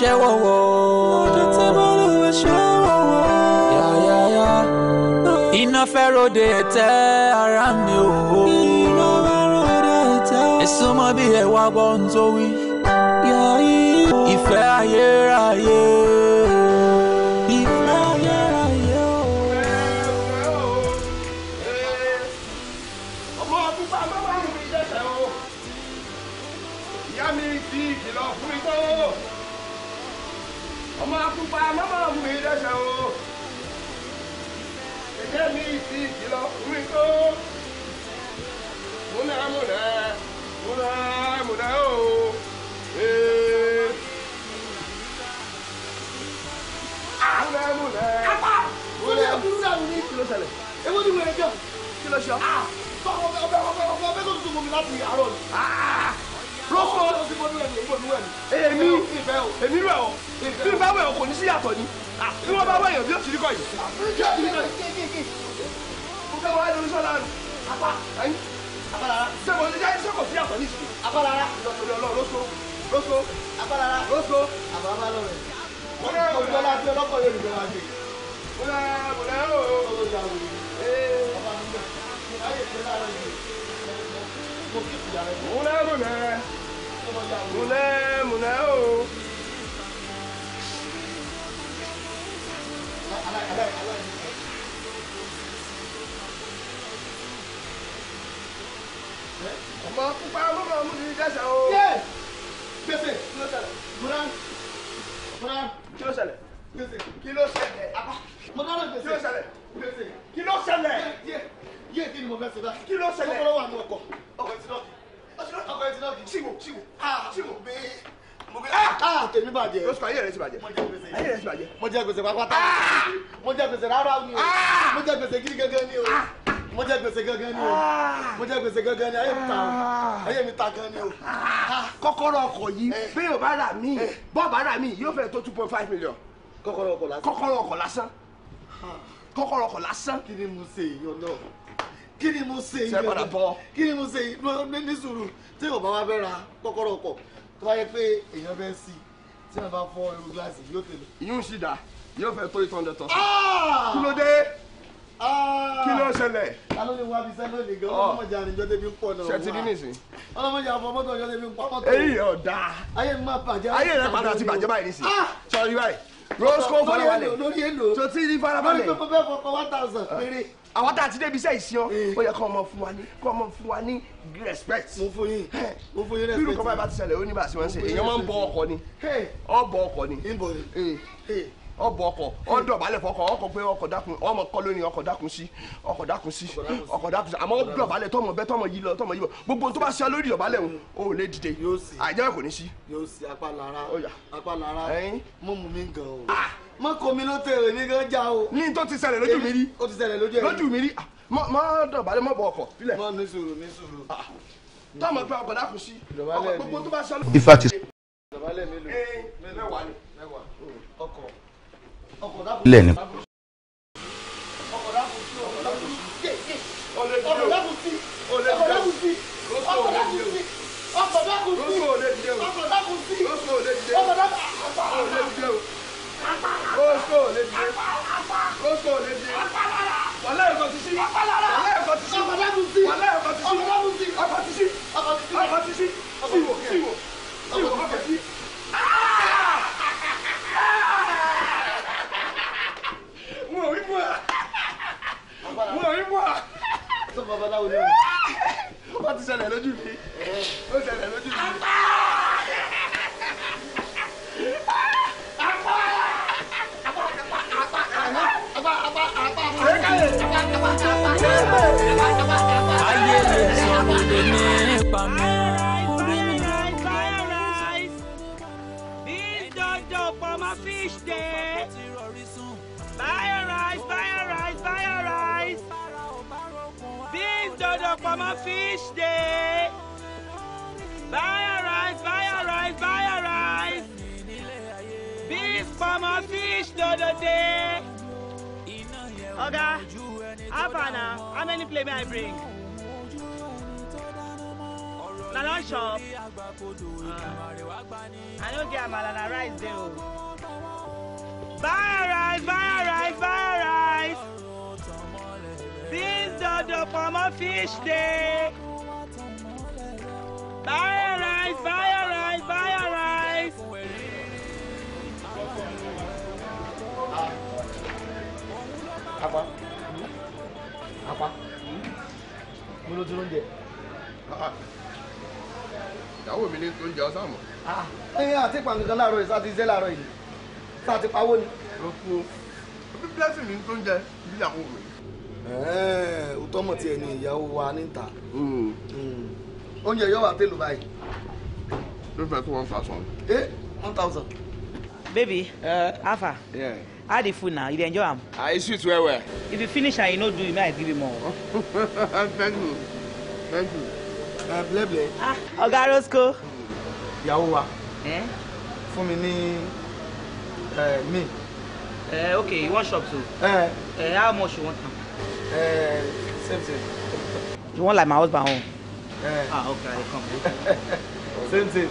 aṣẹ́wó wò. ọ̀dọ̀ tí mo lù aṣẹ́wó wò. yáyáyá iná fẹ́ ròde ẹ̀tẹ́ ara mi ò wò. iná fẹ́ ròde ẹ̀tẹ́. ẹ̀sùn mọ́ bí ẹ̀wà gbọ́ ń tó wí. yàrá ìfẹ́ ayérayé. mọ́ọ̀pù àárọ̀ ni. lóko èmi èmi rẹ̀ ọ́ bí bá wẹ̀ ọ́ kò ní sí yàtọ̀ ni ah! bí wọ́n bá wẹ̀ yàn bí ó ti rí kọ́ yìí. mo fẹ́ wọ́n á lórí sọ́lá rẹ̀ apá ẹ̀yìn abalara sẹ́kọ̀ ní jáde sẹ́kọ̀ sí yàtọ̀ ní ìsìn abalara lọ́sọ̀rọ̀ ọlọ́run lóso lóso abalara lóso ababalọ rẹ̀ wọ́n ní ọ̀gbìn ọlá tí ọlọ́kọ̀ yóò dùn lọ́wọ́ àgbè. mo lẹ́ mo lẹ́ o. ọlọ́run yà wò ó. ọba mi bẹ̀ ayé ìṣẹ́lá rẹ̀ yìí múlẹ̀ múlẹ̀ múlẹ̀ múlẹ̀ o. ọmọ pupa mọ́mọ́ ọmọ mi dẹ́sẹ̀ o. gbèsè kí ló ṣẹlẹ̀. múra múra kí ló ṣẹlẹ̀. gbèsè kí ló ṣẹlẹ̀. múra gbèsè kí ló ṣẹlẹ̀. gbèsè kí ló ṣẹlẹ̀ yé kí ni mo fẹ́ ṣe báyìí. kí ló ṣẹlẹ̀ ọpọlọ wà ọkọ. ọkọ ti náà ọkọ ti náà ṣìwò ṣìwò ṣìwò bẹ́ẹ̀ mo gbé ah, ah tèmi bàjẹ́. lóṣù ayé rẹ jẹ gbèsè ayé rẹ ti bàjẹ́. mo jẹ gbèsè pápátá ah. mo jẹ gbèsè rárá ni o ah. mo jẹ gbèsè gidi gẹ́gẹ́ ni o mo jẹ gbèsè gẹ́gẹ́ ni o mo jẹ gbèsè gẹ́gẹ́ ni ayé mi ta ayé mi ta gan ni o. kọ́kọ́rọ́ ọkọ̀ yìí eh. bẹ́ẹ̀ ò bá rà mí eh. bọ́ọ̀ bá rà mí yóò fẹ́ tó two point five million. kọ́kọ́rọ́ ọkọ̀ lásán kọ́kọ́rọ́ ọkọ̀ lásán kọ́kọ́rọ́ ọkọ̀ lásán. kí ni mo ṣe èèyàn náà kí ni mo ṣe yìí ṣe padà bọ kí ni mo ṣe yìí ní sùúrù tí yóò bá wá fẹ́ ra kọ́kọ́rọ́ ọkọ̀ tó bá yẹ pé èèyàn fẹ́ sí i tí wọ́n bá fọ irú gíláàsì yóò tẹ̀lé. ìyún sì dá yóò fẹ́ tó ìtàn dẹ̀tọ̀ ah! kí ló dé ah! kí ló ṣẹlẹ̀. ta ló lè wá bí sẹ́lẹ̀ lè gan oh. ọlọ́mọdé àníjọ́ débi ń pọ̀ náà wá ṣètì nínú ọlọ́mọdé àwọn ọmọdé ọjọ́ débi ń pọ̀ mọ́tò àwọn tá a ti débi iṣẹ́ ìsìn ọ́ eh. ó yẹ kó ọmọ fún wa ní kó ọmọ fún wa ní respect. mo fún yín mo fún yín respect. bírù kọ́ba ìbá ti ṣẹlẹ̀ ó ní bá a ṣe wọ́n ṣe èèyàn máa ń bọ ọkọ ni ọ bọ ọkọ ni ọ eh. bọ ọkọ ọ dọ̀bálẹ̀ fọkọ ọkọ pé ọkọ dákun ọmọ kọ lónìí ọkọ dákun sí ọkọ dákun sí ọkọ dákun sí àmọ́ ọ dọ̀bálẹ̀ tọmọ bẹ tọmọ yìí lọ tọmọ yìí bọ gbogbo tó bá ṣe lórí dọ̀bálẹ̀ òun ò lè dìde àìjẹ́ kò ní sí. yóò sí apá lára apá lára mọ́mú mi gan o. Ah mọ komi ló tẹ̀lé mi gan já o. ní tó ti ṣẹlẹ̀ lójú mi rí. ó ti ṣẹlẹ̀ lójú ẹ̀ lójú mi rí ah, mọ dọ̀bálẹ̀ mọ bọ ọkọ̀ filẹ̀. mọ ní sùúrù ní sùúrù. Ah, tọ́mọ̀ gba ọ̀bọ̀dá kù sí ọkọ̀ gbogbo tó bá ṣọlá. ifá ti. Eh, ọkọ̀ ọkọ̀ dákú. babaláwo náà wọ́n ti ṣẹlẹ̀ lójú mi ó ṣẹlẹ̀ lójú mi. mi. Fish day. dọ̀dọ̀ pamọ́ fish day buy a rice buy a rice buy a rice beef pamọ́ fish dọ̀dọ̀ day. Okay. how far na how many plate I bring? na don chop. Uh, I no get amala na rice dey o. buy a rice buy a rice buy a lọ́dọ̀ pọ̀mọ́ fish day. Buy a rice, buy a rice, buy a rice. Apa? Apa? Mo ló dúró ń jẹ. Ìyàwó mi ní tó ń jẹ ọsàn mọ̀. Ah, Ẹyin àti pàǹkan láàárọ̀ yìí, sáà ti ṣe láàárọ̀ yìí. Sáà ti pawó ni òótọ́ mọ̀ tí ẹni ìyàwó wa níta hmm. Hmm. oúnjẹ yóò wà tẹ́lù báyìí. ló fẹ́ tó one thousand. ẹ one thousand. baby eh. alpha yeah. how the food na you dey enjoy am. ah e sweet well well. if you finish and you no do you may give me more. thank you thank you. Uh, eh, ble ble. ah oga roscoe. ìyàwó wa eh? fún mi ní mi. Uh, okay you wan shop too. Uh, uh, how much you want Uh, same thing. You want like my husband home? Uh, ah, okay, come. same thing.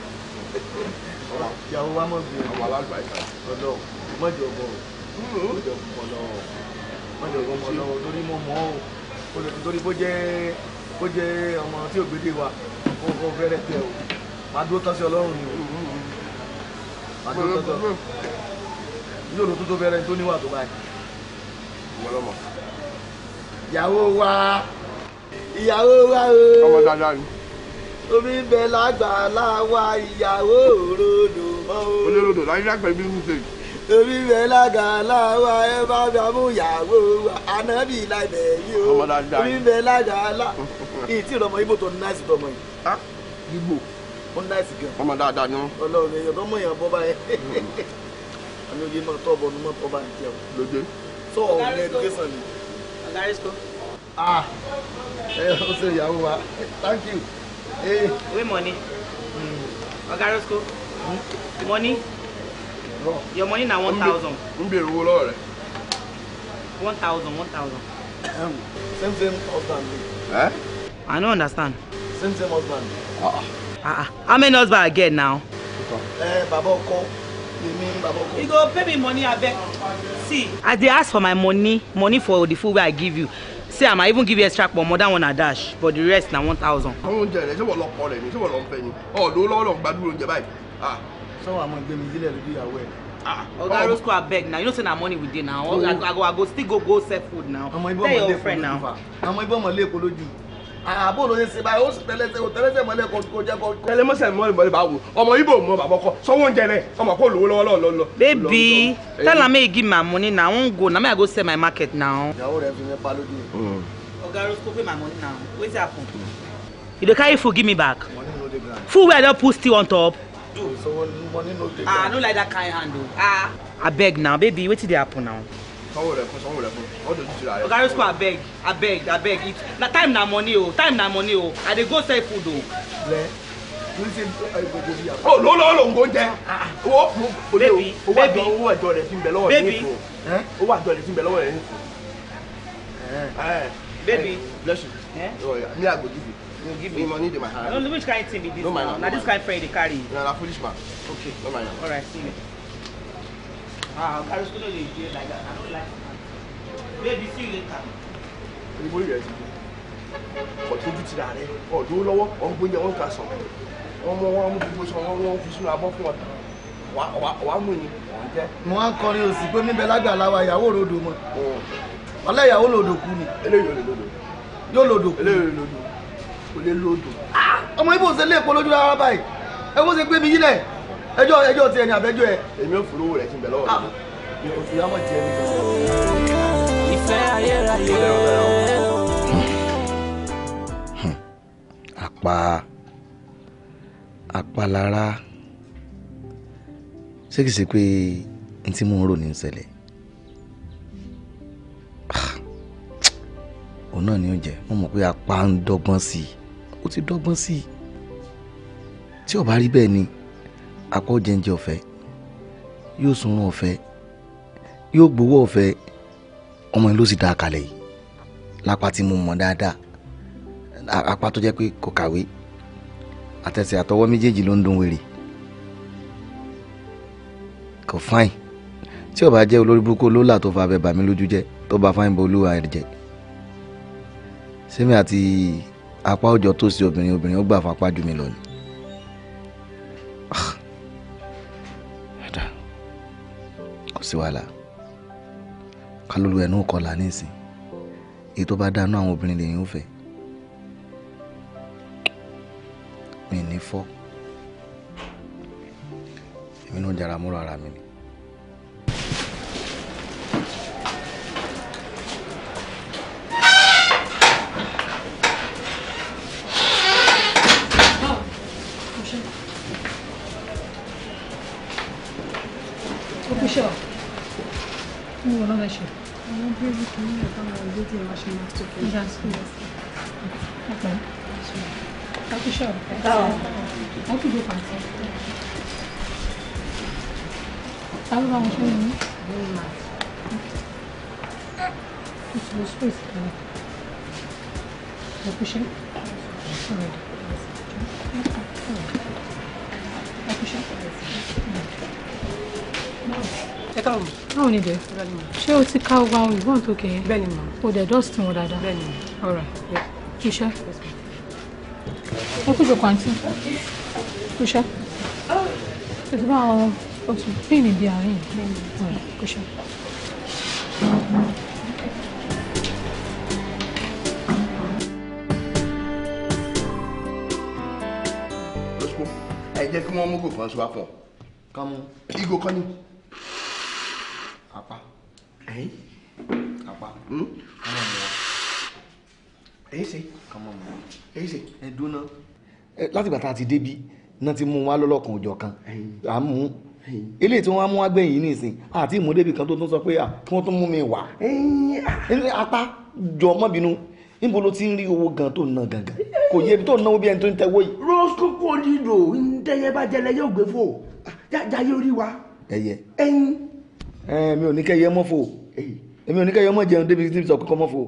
Ìyàwó wa mọ̀ bí ọmọ alágbàáyà ọ̀dọ́ mọ̀jọ bọ̀ mọ̀jọ bọ̀ lọ́wọ́ mọ̀jọ bọ̀ mọ̀ lọ́wọ́ torí mo mọ̀ ọ́ o lè torí bó jẹ́ bó jẹ́ ọmọ tí ògbédè wa kó kó fẹ́rẹ̀ tẹ o máa dúró tán sí Ọlọ́run ni o máa dúró tán sí Ọlọ́run yóò lọ tó tó fẹ́rẹ̀ tó níwà tó báyìí. ìwọ lọ́mọ ìyàwó wa ìyàwó wa o omi bẹ lágbàlá wa ìyàwó òrodò mọ́ o olórodò láyé lágbàá ibi ń sèyí omi bẹ lágbàlá wa ẹ bá mi àmú wa ànábì láìpẹ́ yìí o omi bẹ lágbàlá èyí tí ìrọmọ ibo tó náà sí tọmọ yìí. ibo ó náà sí gan. ọmọ dáadáa ni wọn. Ọlọ́run èèyàn tó mọ èèyàn bọ báyẹn àmì òye máa tọ́ bọ̀ ní mọ́tò ọba nìjẹun. lóde. sọ ọ̀rẹ́ ẹdùkẹ́sàn ni ọ̀gá ah ẹ ọ sọ ìyàwó thank you. Eh. wé mọ̀ni money. rẹ́síkò hmm. hmm? mọ̀ni oh. your money na one thousand. n bèrè owó lọ́wọ́ rẹ. one thousand one thousand. same same husband. Eh? i don't understand. same same husband. Uh -uh. Uh -uh. how many husband i get now. Uh, eh, baba ọkọ you go pay me money abeg see i dey ask for my money money for the food i give you See, am i even give you a extra more than one na dash but the rest na one thousand. àwọn oúnjẹ rẹ ṣé wọn lọ kọ rẹ ni ṣé wọn lọ ń fẹ ni ọdún lọ́wọ́ lọ gbàdúrà oúnjẹ báyìí. sọ́wọ́ ah. àwọn ìgbẹ́mi sílẹ̀ lójú ìyàwó ẹ̀. oga ah. rosco abeg now you know send our money with you now oh. i go i go still go go sell food now tell your friend now. àwọn ibà ọmọ my èkó lójú àbó ah, ló ṣe báyìí ó sì tẹlẹsẹ mọlẹ kò kò jẹ kò. mọlẹ bá wò ọmọ ibo mọ bàbá kọ sọwọ oúnjẹ rẹ ọmọ kò lówó lọ́wọ́ lọ́wọ́ lọ. baby eh. tell am make he give my money na i go na me i go sell my market now. ìyàwó rẹ fi mi pa lóde. oga hmm. rosco pay my money now wetin happen. you dey carry food give me back. food wey i put still on top. do so money ah no like that kind hand o. ah abeg now baby wetin dey happen now sanwó rẹ fún sanwó rẹ fún wọn dojú ti ra rẹ. oga abeg abeg abeg it na time na money o time na money o i dey go sell food o. lẹ n ṣe gbogbo bí yàrá. o lọ́wọ́ lòun kò jẹ owó olè owó àjọ owó àjọ rẹ ti ń lọ́wọ́ rẹ ní owó àjọ rẹ ti ń lọ́wọ́ rẹ ní ìfò. baby bless you. Oh, me i go give you. you give me money no which kind thing be this now na this kind friend dey carry. na na foolish man. okay no mind am. all right see you. Ah, I'll carry school day like that. I don't like it. Baby, see you later. Anybody ready? Ọ̀tún ojú ti rà rẹ̀, ọ̀dún lọ́wọ́, ọ̀n gbóúnjẹ wọn kà sàn. Wọ́n mọ wọn mú gbogbo sọ, wọ́n wọ́n fi sínú abọ́ fún wa. Wà á mú ni, ọ̀n jẹ́. Mo wá ń kọrin òsì pé níbẹ̀ lágbàlá wa ìyàwó ròdò mọ̀. Ọlẹ́ ìyàwó lòdò kú ni. Eléyìí ò lè lòdò. Yóò lòdò kú. Eléyìí ò lè lòdò. Kò lè lòdò. Ah! Ọmọ Ibo ṣe lè polójú rárá báyìí. Ẹ bó ṣe gbé mi yílẹ̀ ẹjọ́ ẹjọ́ tiẹ̀ ni àbẹ́jọ́ ẹ. èmi ò fúru rẹ̀ ti bẹ̀ lọ́wọ́ mi kò fi àmọ̀ tiẹ̀ mi kò sọ. ìfẹ́ ayérayé. àpá hmm. àpalára ṣé kìí ṣe pé n tí mò ń rò ní ṣẹlẹ̀ ah. òun náà ni ó jẹ mo mọ̀ pé apá ń dọ́gbọ́n sí i ó ti dọ́gbọ́n sí i tí ò rí bẹ́ẹ̀ ni apá ó jẹunjẹ ọ̀fẹ́ yóò sunrun ọ̀fẹ́ yóò gbowó ọ̀fẹ́ ọmọ yẹn ló sì dá kalẹ̀ yìí lápá tí mo mọ̀ dáadáa apá tó jẹ́ pé kò kàwé àtẹsẹ̀ àtọwọ́ méjèèjì ló ń dún wèrè kò fáìn tí ó bá jẹ́ olórí burúkú lólà tó fa abẹ bàmí lójú jẹ́ tó bá fáìn bọ olúwa ẹ̀ jẹ́ sẹ́mi àti apá òjò tó sí obìnrin obìnrin ó gbà fún apá jù mí lọ sí wàhálà kálólú ẹnu kọlà nísìn èyí tó bá dáná àwọn obìnrin lèyìn ó fẹ́ mi ní fọ́ èmi náà jara múra ara mi ni. ṣe masturbation. Yes. yes. Okay. Thank you, sure. Thank you, Joe. Tell me about your name. It's your space. báwo ni dẹ. ṣé o ti ká ogun àwọn ìbọn tó kẹ. bẹ́ẹ̀ni ma. o dẹ dọ́ọ̀sì wọn dáadáa. bẹ́ẹ̀ni ma. ọ̀rọ̀ iṣẹ́. ẹ kú jòkó àǹtí. iṣẹ́. o ti bá àwọn oṣù pín níbi All right. ọ̀rọ̀ Let's go. Hey, kí wọ́n mú kò kan sọ àpọ̀. Come. mú. igo kan ni. kọ́mọ mu wa. èyí ṣe kọ́mọ mu wa. èyí ṣe ẹ dúná. látìgbà tá a ti débi náà ti mú wa lọ́lọ́kan òjọ̀ kan à ń mú eléyìí tí wọ́n mú wá gbẹ̀yìn nísìn àti ìmúdébì kan tó tún sọ pé kí wọ́n tún mú mi wá. apá jọ mọ́ bínú níbo ló ti ń rí owó gan tó ná gangan kò yẹ ibi tó náwó bí ẹni tó ń tẹwọ́ yìí. rose kókó nílò ntẹ́yẹ bá jẹlẹ yóò gbé fò ah, jáde orí wa. ẹyẹ ẹyin. ẹ mi ò ní kẹ́ yẹ mọ́ fò. ẹyìn èmi ò ní kẹyọ mọ jẹun débi tí mo sọ pé kọmọ fò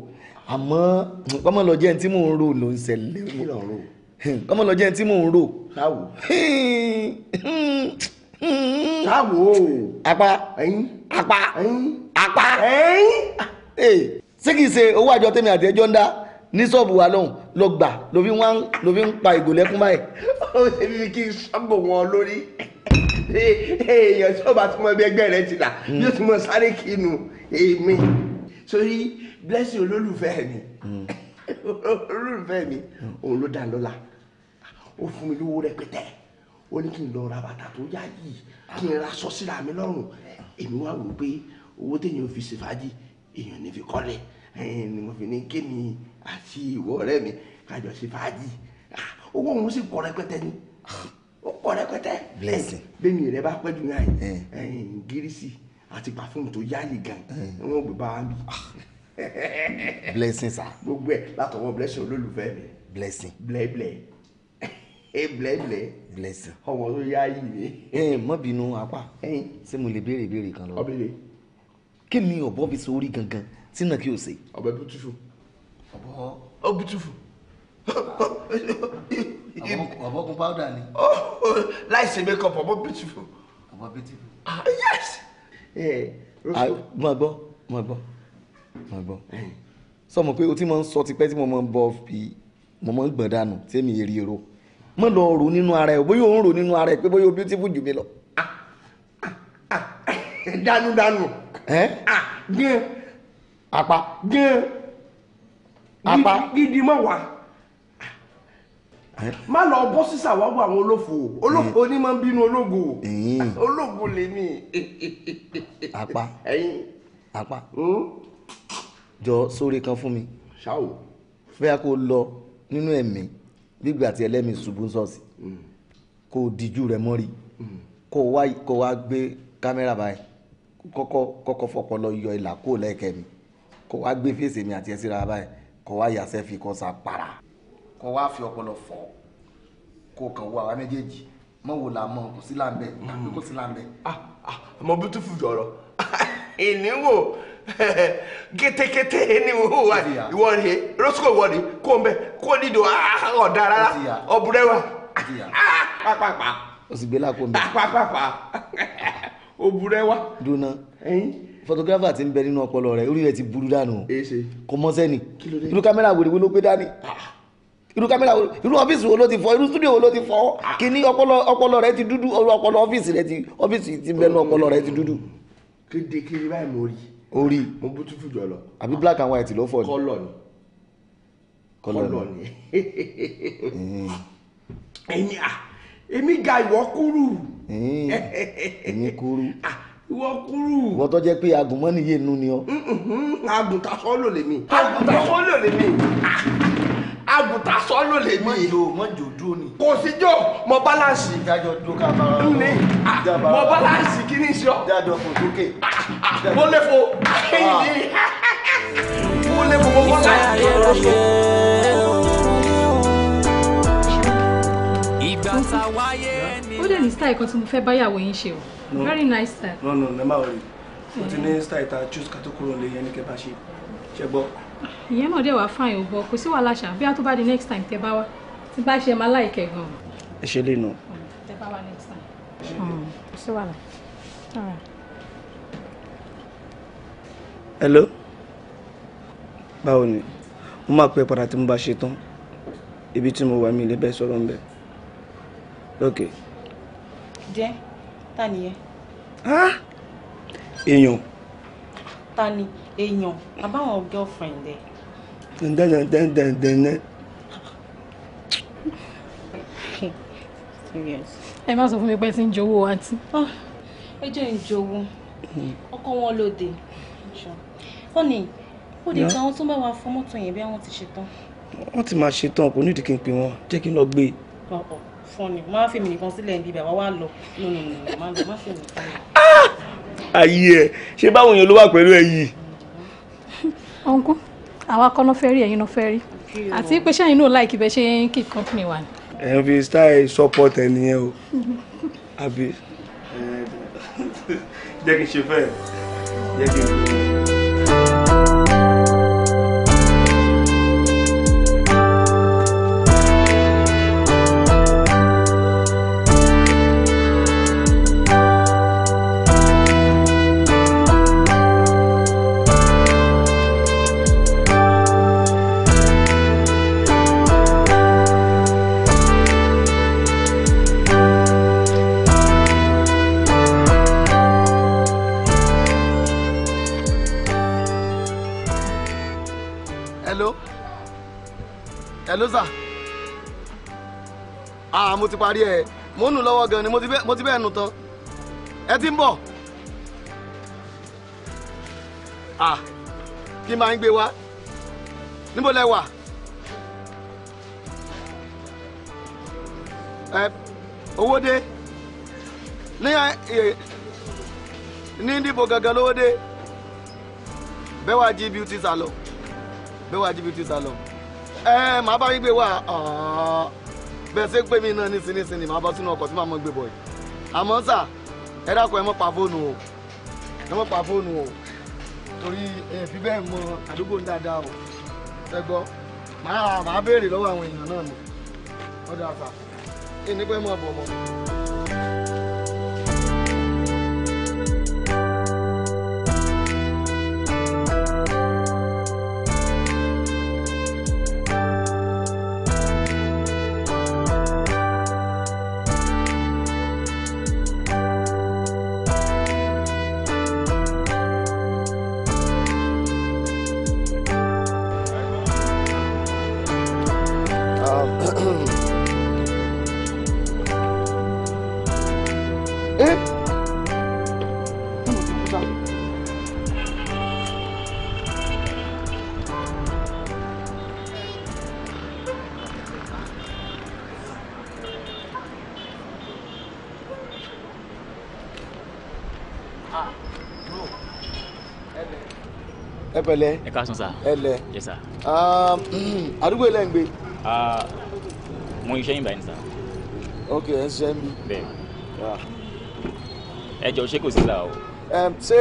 àmọ́ kọmọ lọ jẹun tí mò ń rò ló ń ṣẹlẹ̀ hmm, kọmọ lọ jẹun tí mò ń rò. sáwò sáwò hmm. apá apá apá eh, ṣé kìí ṣe owó àjọ tèmi àti ẹjọ́ ń dá ní sọ́ọ̀bù wa lọ́hùn lọ gbà ló fi ń pa ìgò lẹ́kún báyìí. ó ṣe bí kí n sábò wọn lórí ṣe èèyàn tí ọba tí mo bí ẹgbẹ́ rẹ ti là hmm. yóò ti mọ sáré kinu èmi sórí blessing olólùfẹ́ mi hmm. olólùfẹ́ mi hmm. òun ló dá lọ́la ó fún mi lówó rẹpẹtẹ ó ní kí n lọ ra bàtà tó yá yìí kí n ra sọ síra mi lọ́rùn èmi wá wò pé owó téèyàn fi ṣe fàájì èèyàn ní fi kọ́lé ni mo fi ní kémi àti ìwọ ọ̀rẹ́ mi kájọ ṣe fàájì ah, owó òun sì kọ́ rẹpẹtẹ ni ó rẹpẹtẹ bẹ́ẹ̀ni rẹ bá pẹ́ jù náà yìí eh. gírísì àti pàfúmù tó yáàyè gan eh. wọn gbé bá wa bí. blessing sa. gbogbo ẹ látọwọ́ blessing olólùfẹ́ mi. blessing. blẹblẹ e blẹblẹ. blessing. ọmọ tó yáàyè mi. ẹ eh, mọ bínú apá ṣé mo lè béèrè béèrè kan lọ. ọbẹ̀ kí ni ọ̀bọ fi so orí gangan tí náà kí o ṣe. ọbẹ̀ bútúfù. ọbọ̀ ọ ọ̀bọ̀kun powder ni. Oh, oh, láìsí makeup ọ̀bọ̀ beautiful. ọ̀bọ̀ beautiful. Ah, yes. mo ah, gbọ́ mo gbọ́ mo gbọ́ sọ ma pé o ti máa ń sọ tipẹ́ tí mo máa ń bọ̀ fi mo máa ń gbọ̀n dànù tẹ́mi èrè èrò mo lọ rò nínú ara ẹ bóyá òun rò nínú ara ẹ pé bóyá o beautiful jù mí lọ. Ah, eh, dànù dànù. gẹ́ apá. gẹ́ apá. gidi mọ̀ wá. Eh? má lọ bọ́ sísà wá wọ àwọn olófò olófò eh? onímọ̀ ń bínú ológo eh? ológo lèmi. apá apá hmm? jọ sórí kan fún mi fẹ́ kó lọ nínú ẹ̀mí gbígbà tí ẹlẹ́mi ṣubú sọ́ọ̀sì hmm. kó dijú rẹ̀ mọ́rí hmm. kó wá kó wá gbé kámẹ́rà báyìí kọ́kọ́ kọ́kọ́ fọpọlọ yọ ìlà kó lẹ́ẹ̀kẹ́ mi kó wá gbé fèsì mi àti ẹ̀sìn rà báyìí kó wá yà sẹ́fì kó sa para kó wá fi ọpọlọ fọ́ kó kàn wo àwa méjèèjì mọ wo la mọ kò sí là ń bẹ tàbí hmm. kò sí là ń bẹ. ọmọ bíútífù jọrọ ìníwò kétékété ìníwò wà ìwọ rèé rosco wọ rèé kó ń bẹ kó dídò ah, ọ̀dà rárá ọ̀bùrẹ́ wà ah, pápápá. o sì gbé lápò mi. pápápá ọ̀bùrẹ́ wà. dùnà photographer ti ń bẹ nínú ọpọlọ rẹ orí rẹ ti burú dànù kò mọ sẹ́ni irú kámẹ́rà wèrèwé ló gbé dání. Ah, irú kámẹ́rà wo irú ọ́fíìsì wo ló ti fọ́ irú stúdíò wo ló ti fọ́ kíní ọpọlọ ọpọlọ rẹ ti dúdú ọpọlọ ọ́fíìsì rẹ ti ọ́fíìsì ti bẹnu ọpọlọ rẹ ti dúdú. kéde kiri báyìí mo rí o rí mo bú tútù jọ lọ. àbí black and white ló fọ ni. kọlọ ni kọlọ ni ẹyin a èmi ga ìwọ kúrú. ẹyin kúrú wọ́n kúrú. wọ́n tọ́ jẹ́ pé agùnmọ́nìyé nu ni ọ. agùntàn sọ́ọ́ lò lèmi. agùntàn sọ́ọ́ lò lèmi àgùntà sọ́lò lè mí. mọ̀jò dúró ni. kò sí jọ mọ báláǹsì. ìdájọ́ dúró ká bá wọn. ní mọ báláǹsì kí ni sọ. dájọ́ fò sókè. Ah, mo lè fò ẹyìn ah. ní. mo lè fò mọ báláǹsì. ìgbà tá a ó dẹ̀ ní style kan tí mo fẹ́ báyàwó yín ṣe o very nice style. no no ẹ má wọlé o ti ní eh. style ta choose ká kúrò lè yẹn ní kẹ bá ṣe ṣe gbọ́ ìyẹn náà dẹ̀ wá fáìn ò bọ̀ kò sí wàhálà ṣá bí a tó bá di next time tẹ bá wá tí bá ṣe máa láìkẹ́ gan. ẹ ṣe lè nù. tẹ bá wá next time. Hmm, kò sí wàhálà. hello báwo ni mo máa pẹ́ padà tí mo bá ṣe tán ibi tí mo wà mí lè bẹ́ẹ̀ sọ̀rọ̀ ń bẹ̀ ok. jẹ́ ta nìyẹn. èèyàn. ta ni èèyàn àbáwọn girlfriend ẹ. dẹ́ndẹ́ndẹ́ndẹ́ndẹ́. serious. ẹ má sọ fún mi pé tí ń jowó àǹtí. Ah, ẹ jẹ́ ń jowó ọkọ wọn lóde honey ó di kan àwọn tó bá wa fọ mọ́tò yẹn bí àwọn ti ṣetán. wọ́n ti máa ṣetán kò nídìí kí n pè wọ́n jẹ́ kí n lọ gbé e. fọ́ọ̀nì máa fi mi nìkan sílẹ̀ níbi àwa wá lọ nínú ìlú máa lọ má fi mi nìkan. Ah! ayé ẹ ṣé báwọn ọ̀nkú àwa kọ́ náà fẹ́ rí ẹ̀yin náà fẹ́ rí àti pé ṣẹ́yìn náà láìkí bẹ́ẹ̀ ṣe ń kí company wa ni. ẹ fi style support ẹ nìyẹn o àbí jẹ́ kí n ṣe fẹ́ jẹ́ kí n. ló sà ah mo ti parí ẹ mo ń nù lọ́wọ́ gan ni mo ti bẹ́ẹ̀ nù tán ẹ ti ń bọ̀ ah kí máa ń gbé wá níbo lẹ wà ẹ owó dé ní ẹ ní dìbò gangan lówó dé bẹ́wàjí beauty salon bẹ́wàjí beauty salon. ẹ màá bá yín gbé wá bẹ́ẹ̀ ṣe pé mi náà nísinsìnyí màá bọ́ sínú bọ̀ sà ẹ dákun ẹ o ẹ pa fóònù o torí mọ àdúgbò ń dáadáa o gbọ́ màá béèrè lọ́wọ́ àwọn èèyàn náà ni ọ̀dọ̀ àfà kí ni pé mọ̀ pẹ̀lẹ́. ẹ ká sùn sá. ẹ lẹ. yes sá. Um, àdúgbò ilẹ̀ ń gbé. mo iṣẹ́ yín báyìí ni sá. ok ẹ ń ṣiṣẹ́ ń bí. bẹ́ẹ̀ ah. ẹ jọ ṣé kò sí là o. Um, ṣé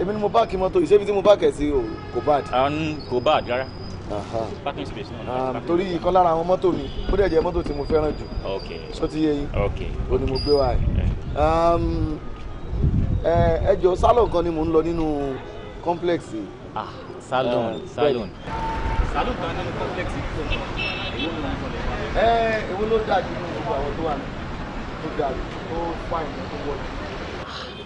èmi ni mo báàkì mọ́tò yìí ṣébi tí mo báàkì ẹ̀ sí o kò bad. Um, kò bad rárá. parking space náà. torí ìkan lára àwọn mọ́tò mi ó dẹ̀ jẹ́ mọ́tò tí mo fẹ́ràn jù. ok sọ ti yé yín. ok ó ní mo gbé wá ẹ. ẹ jọ sálọ̀ kan ni mo ń lọ nínú complex ah salon salon. salon kan nínú complex yìí tó ń bọ̀ èwo ló ń bọ̀ lẹ́yìn. ẹ èwo ló dáa jù nínú gbogbo àwọn tó wà ní tó dáa jù tó fáìn tó wọ̀ jù.